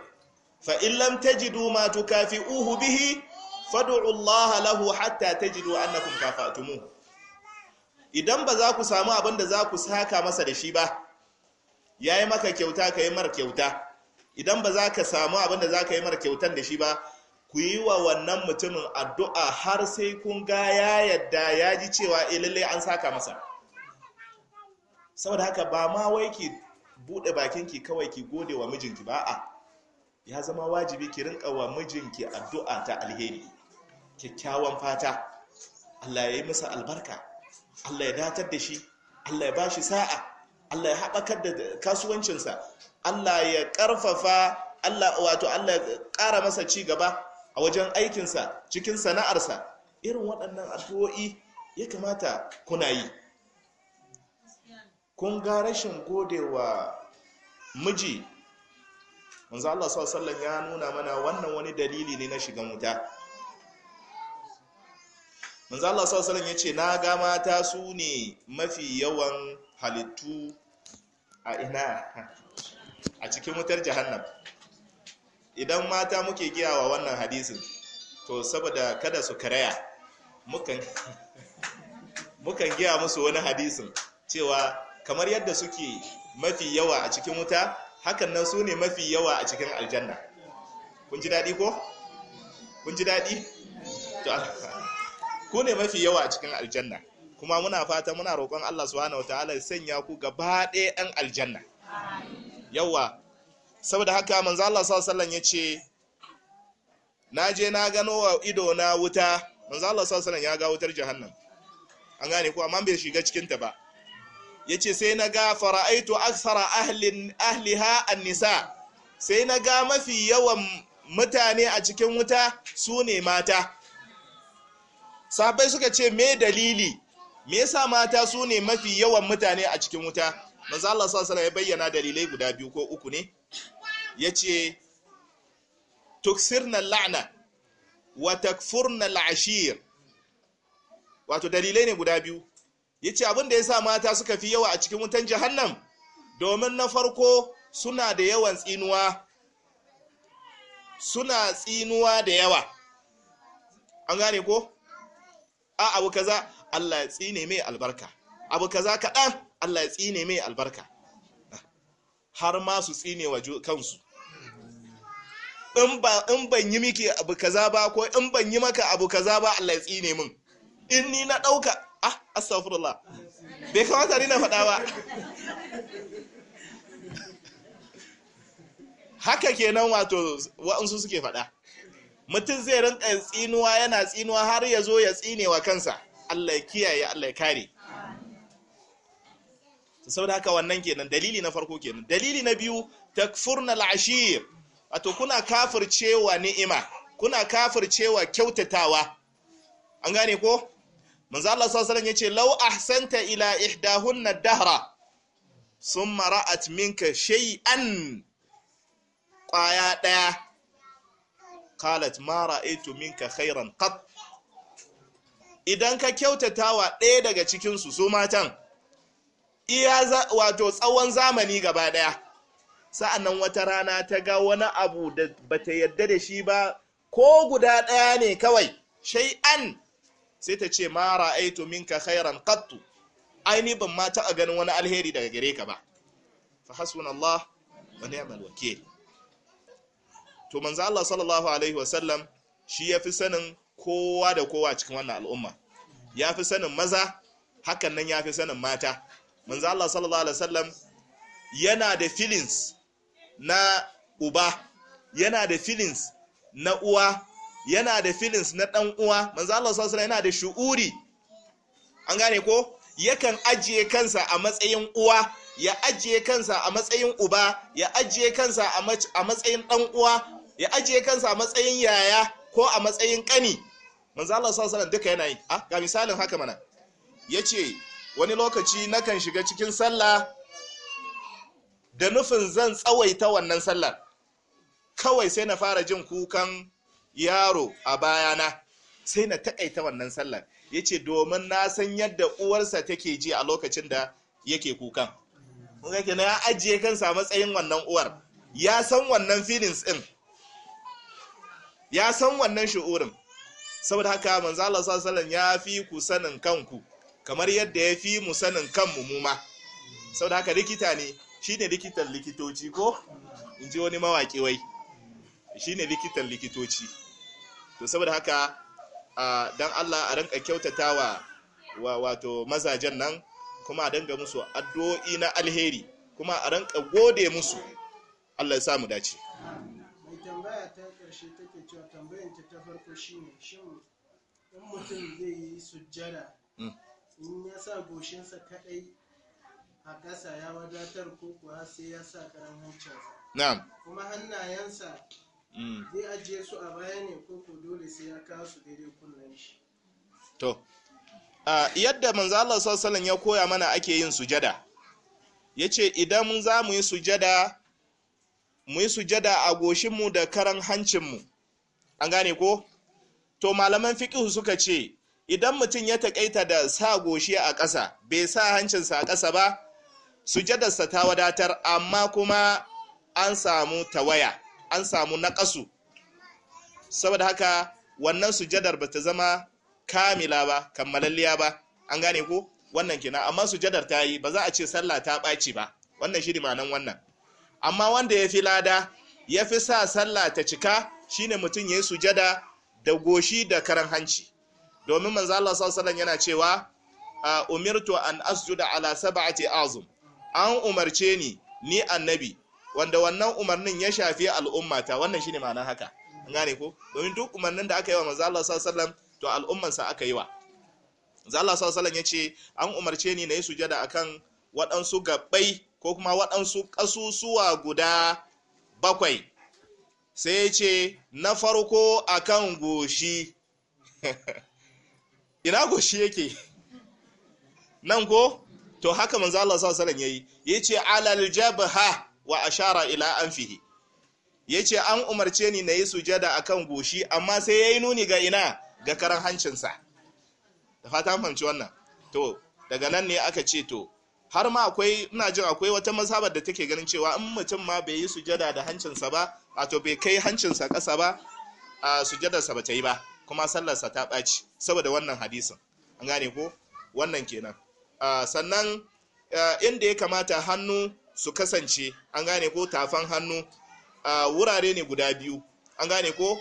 fa in lam tajidu ma tukafi'uhu bihi fad'u Allah lahu hatta tajidu annakum kafatumu idan ba za ku samu abin da za ku saka masa da shi ba yayi maka kyauta kai mar kyauta idan ba za ka samu abin da za ka yi mar kyautan da shi ba ku yi wa wannan mutumin addu'a har sai kun ga ya yadda ya ji cewa eh, lalle an saka masa saboda haka ba ma wai ki bude bakin ki kawai ki gode wa mijinki ba a ya zama wajibi ki rinka wa mijinki addu'a ta alheri kyakkyawan fata Allah ya yi masa albarka Allah ya datar da shi Allah ya ba shi sa'a Allah ya haɓakar da kasuwancinsa Allah ya ƙarfafa Allah wato Allah ya ƙara masa ci gaba a wajen aikinsa cikin sana'arsa irin waɗannan addu'o'i ya kamata kuna yi kun ga rashin godewa miji manzo Allah sallallahu ya nuna mana wannan wani dalili ne na shigan wuta manzo Allah sallallahu alaihi yace na ga mata su ne mafi yawan halittu a ina a cikin wutar jahannam idan mata muke giyawa wannan hadisin to saboda kada su karaya mukan mukan giya musu wani hadisin cewa kamar yadda suke mafi yawa a cikin wuta hakan nan su ne mafi yawa a cikin aljanna kun ji daɗi ko kun ji daɗi to ku ne mafi yawa a cikin aljanna kuma muna fata muna roƙon Allah subhanahu wataala ya sanya ku gaba ɗaya ɗan aljanna yawa saboda haka manzo Allah sallallahu alaihi wasallam yace na je na gano wa ido na wuta manzo Allah sallallahu alaihi ya ga wutar jahannam an gane ko amma bai shiga cikin ta ba yace sai na ga fara'aitu aksara ahli ahliha an-nisa sai na ga mafi yawan mutane a cikin wuta su ne mata sahabbai suka ce me dalili me yasa mata su ne mafi yawan mutane a cikin wuta manzo Allah sallallahu ya bayyana dalilai guda biyu ko uku ne yace tuksirna la'na wa takfurna al'ashir wato dalilai ne guda biyu yace abin da yasa mata suka fi yawa a cikin wutan jahannam domin na farko suna da yawan tsinuwa suna tsinuwa da yawa an gane ko a abu kaza Allah ya tsine mai albarka abu kaza kaɗan Allah ya tsine mai albarka har ma su tsine wa kansu in ban yi miki abu kaza ba ko in ban yi maka abu kaza ba Allah ya tsine min in ni na ɗauka ah astaghfirullah bai kamata ni na faɗa ba haka kenan wato wa'ansu suke faɗa mutum zai rinka tsinuwa yana tsinuwa har ya zo ya tsine wa kansa Allah ya kiyaye Allah ya kare saboda haka wannan kenan dalili na farko kenan dalili na biyu takfurna al'ashir wato kuna cewa ni'ima kuna cewa kyautatawa an gane ko manzo Allah sallallahu alaihi wasallam yace law ahsanta ila ihdahunna dahra thumma ra'at minka shay'an qaya daya qalat ma ra'aytu minka khairan qat idan ka kyautatawa ɗaya daga cikin su matan iya wato tsawon zamani gaba daya sa'annan wata rana ta ga wani abu da bata yarda da shi ba ko guda ɗaya ne kawai shay'an sai ta ce ma ra'aytu minka khairan qattu aini ban ma taɓa ganin wani alheri daga gare ka ba fa hasbunallah wa ni'mal wakeel to manzo Allah sallallahu alaihi wasallam shi ya fi sanin kowa da kowa cikin wannan al'umma ya fi sanin maza hakan nan ya fi sanin mata manzo Allah sallallahu alaihi wasallam yana da feelings na uba yana da feelings na uwa yana da feelings na dan uwa manzo Allah sallallahu alaihi yana da shu'uri an gane ko yakan ajiye kansa a matsayin uwa ya ajiye kansa a matsayin uba ya ajiye kansa a matsayin dan uwa ya ajiye kansa a matsayin yaya ko a matsayin ƙani. manzo Allah sallallahu alaihi duka yana yi ah, ga misalin haka mana yace wani lokaci na kan shiga cikin sallah da nufin zan tsawaita wannan sallar kawai sai na fara jin kukan yaro a bayana sai na takaita wannan sallar yace domin na san yadda uwarsa take ji a lokacin da yake kukan kun ga kenan ya ajiye kansa matsayin wannan uwar ya san wannan feelings din ya san wannan shu'urin saboda haka Manzala ya fi ku sanin kanku kamar yadda ya fi mu sanin kanmu mu ma saboda haka likita ne shine likitan likitoci ko in ji wani mawaƙi wai shine likitan likitoci to saboda haka dan Allah a rinka kyautatawa wa wato mazajen nan kuma a danga musu addu'o'i na alheri kuma a rinka gode musu Allah ya sa mu dace ƙarshe take cewa tambayan ta ta farko shine shin in mutum zai yi sujjada mm. in ya sa goshinsa kadai a ƙasa ya wadatar ko kuwa sai ya sa karan hancinsa kuma hannayensa mm. zai ajiye su a baya ne ko ko dole sai ya kawo su daidai kullum shi to yadda manzo Allah sallallahu ya koya mana ake yin sujada yace idan za mu yi sujada mu yi sujada a goshinmu da karan hancinmu an gane ko to malaman fiƙihu suka ce idan mutum ya taƙaita da sa goshi a ƙasa bai sa hancinsa a ƙasa ba sujadarsa ta wadatar amma kuma an samu tawaya an samu naƙasu saboda haka wannan sujadar ba ta zama kamila ba kammalalliya ba an gane ko wannan kenan amma sujadar ta yi ba za a ce sallah ta ɓaci ba wannan shi ne ma'anan wannan amma wanda ya fi lada ya fi sa sallah ta cika shine mutum ya yi sujada da goshi da karan hanci domin manzo Allah sallallahu yana cewa umirtu an asjuda ala sab'ati azum an umarce ni ni annabi wanda wannan umarnin ya shafi al'ummata wannan shine ma'ana haka gane ko domin duk umarnin da aka yi wa manzo Allah sallallahu to al'ummansa aka yi wa manzo Allah sallallahu yace an umarce ni na yi sujada akan waɗansu gabbai ko kuma waɗansu ƙasusuwa guda bakwai sai ce na farko akan goshi ina goshi yake nan ko to haka manzo Allah sallallahu alaihi wasallam yayi yace alal jabha wa ashara ila anfihi yace an umarce ni nayi sujada akan goshi amma sai yayi nuni ga ina ga karan hancinsa da fata fahimci wannan to daga nan ne aka ce to har ma akwai ina jin akwai wata mazhabar da take ganin cewa in mutum ma bai yi sujada da hancinsa ba wato bai kai hancinsa ƙasa ba a sujadarsa ba ta yi ba kuma sallarsa ta ɓaci saboda wannan hadisin an gane ko wannan kenan sannan inda ya kamata hannu su kasance an gane ko tafan hannu wurare ne guda biyu an gane ko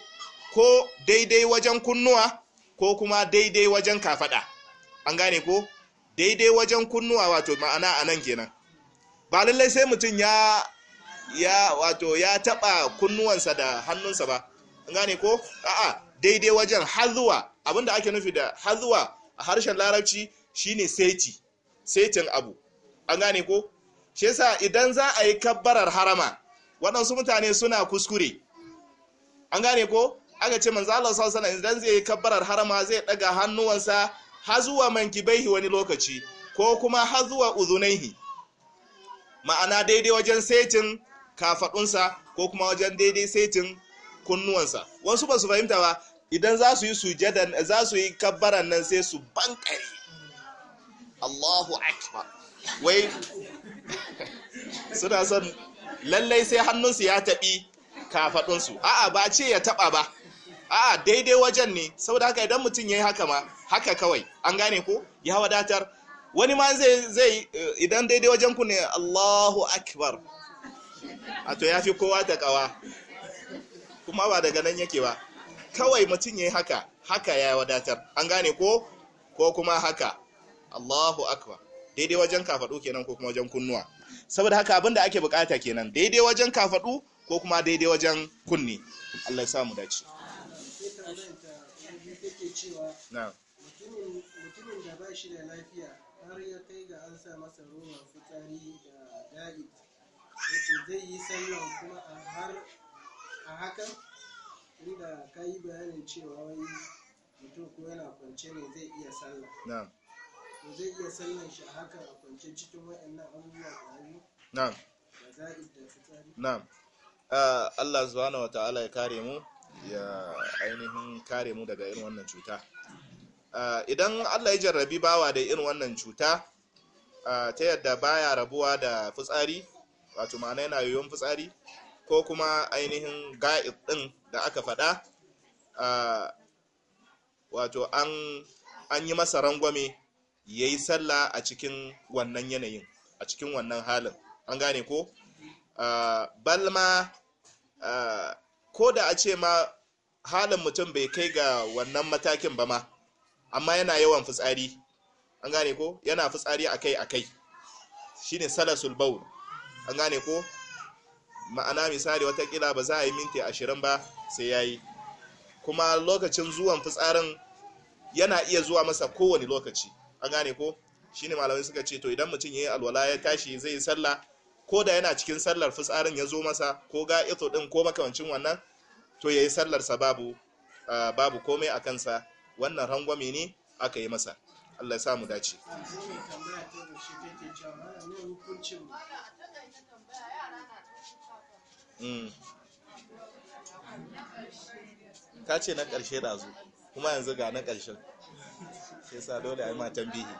ko daidai wajen kunnuwa ko kuma daidai wajen kafaɗa, an gane ko daidai wajen kunnuwa wato ma'ana a nan kenan ba lallai sai mutum ya ya wato ya taba kunnuwansa da hannunsa ba gane ko a'a daidai wajen hazuwa abinda ake nufi da hazuwa a harshen larabci shine saiti saitin abu an gane ko shi yasa idan za a yi kabbarar harama waɗansu mutane suna kuskure an gane ko aka ce manzo Allah sallallahu alaihi idan zai yi kabbarar harama zai ɗaga hannuwansa har zuwa mankibaihi wani lokaci ko kuma har zuwa uzunaihi ma'ana daidai wajen setin kafadunsa ko kuma wajen daidai setin kunnuwansa wasu ba su fahimta ba idan za su yi sujadan za su yi kabbaran nan sai su bankari Allahu akbar wai suna son lallai sai hannunsu ya taɓi kafadunsu a'a ba ce ya taɓa ba a'a daidai wajen ne saboda haka idan mutum ya yi haka ma haka kawai an gane ko ya wadatar wani ma zai zai eh, idan daidai wajen ku ne Allahu akbar a to fi kowa ta kawa kuma ba daga nan yake ba kawai mutum ya yi haka haka ya wadatar an gane ko ko kuma haka Allahu akbar daidai wajen kafaɗu kenan ko kuma wajen kunnuwa saboda haka abinda ake bukata kenan daidai wajen kafaɗu ko kuma daidai wajen kunni Allah ya samu dace cewa mutumin da ba shi da lafiya har ya kai ga an sa masa roman fitsari da da'id yace zai yi sallan kuma a har a hakan inda ka yi bayanin cewa wai mutum ko yana kwance ne zai iya sallah to zai iya sallan shi a hakan a kwance cikin waɗannan abubuwa da hannu da da'id da fitsari na'am ah, Allah subhanahu wa ta'ala ya kare mu ya ainihin kare mu daga irin wannan cuta ah, idan allah ya jarrabi bawa da irin wannan cuta ah, ta yadda baya rabuwa da fitsari wato ma'ana yana yoyon fitsari ko kuma ainihin ga'id ɗin da aka faɗa ah, wato an yi masa rangwame ya yi sallah a cikin wannan yanayin a cikin wannan halin an gane ko balma ko da a ce ma halin mutum bai kai ga wannan matakin ba ma amma yana yawan fitsari an gane ko yana fitsari akai akai shine salasul bawl an gane ko ma'ana misali wata kila ba za a yi minti ashirin ba sai ya yi kuma lokacin zuwan fitsarin yana iya zuwa masa kowane lokaci an gane ko shine malamai suka ce to idan mutum ya yi alwala ya tashi zai yi sallah ko da yana cikin sallar fitsarin ya zo masa ko ga ito din ko makamancin wannan to ya sallar sa babu babu komai a kansa wannan rangwame ne aka yi masa Allah ya sa mu dace hmm. ka ce na ƙarshe da zu kuma yanzu ga na ƙarshen sai sa dole a yi matan bihi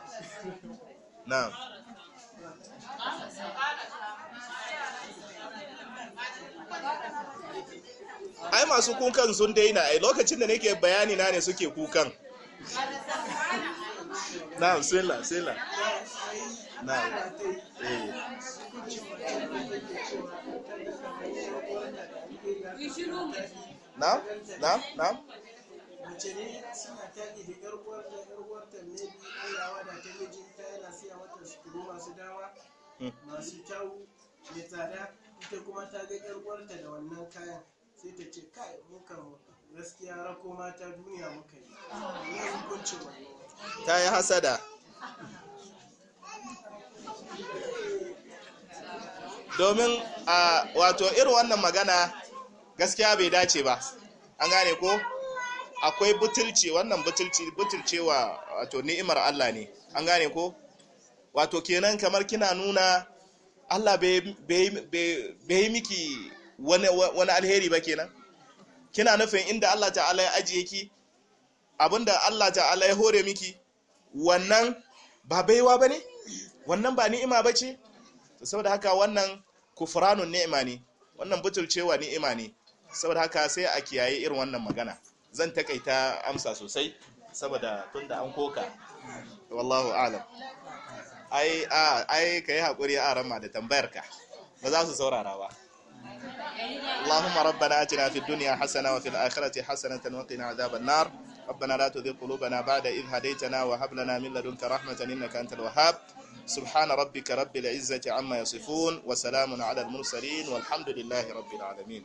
ai masu kukan sun daina ai lokacin da nake bayani na ne suke kukan na sila sila na eh. na na na mace ne suna taɗi da yar uwarta yar uwarta maybe Allah wadata mijinta yana siya mata suturu masu dama masu kyau mai tsada ita kuma ta ga yar da wannan kayan sai ta ce kai muka gaskiya rako mata duniya muka yi ne hukuncin wani. ta yi hasada domin a wato irin wannan magana gaskiya bai dace ba an gane ko akwai butulci wannan butulci butulcewa wato ni'imar Allah ne an gane ko wato kenan kamar kina nuna Allah bai miki wani, wani alheri ba kenan kina nufin inda Allah ta'ala ya ajiye ki abinda Allah ta'ala ya hore miki wannan ba baiwa ba ne wannan ba ni'ima ba ce saboda haka wannan kufranun ni'ima ne wannan butulcewa ni'ima ne saboda haka sai a kiyaye irin wannan magana zan takaita amsa sosai saboda tunda an koka wallahu alam ai ai kai hakuri a rama da tambayar ka ba za su saurara ba اللهم ربنا آتنا في الدنيا حسنة وفي الآخرة حسنة وقنا عذاب النار ربنا لا تذق قلوبنا بعد إذ هديتنا وهب لنا من لدنك رحمة إنك أنت الوهاب سبحان ربك رب العزة عما يصفون وسلام على المرسلين والحمد لله رب العالمين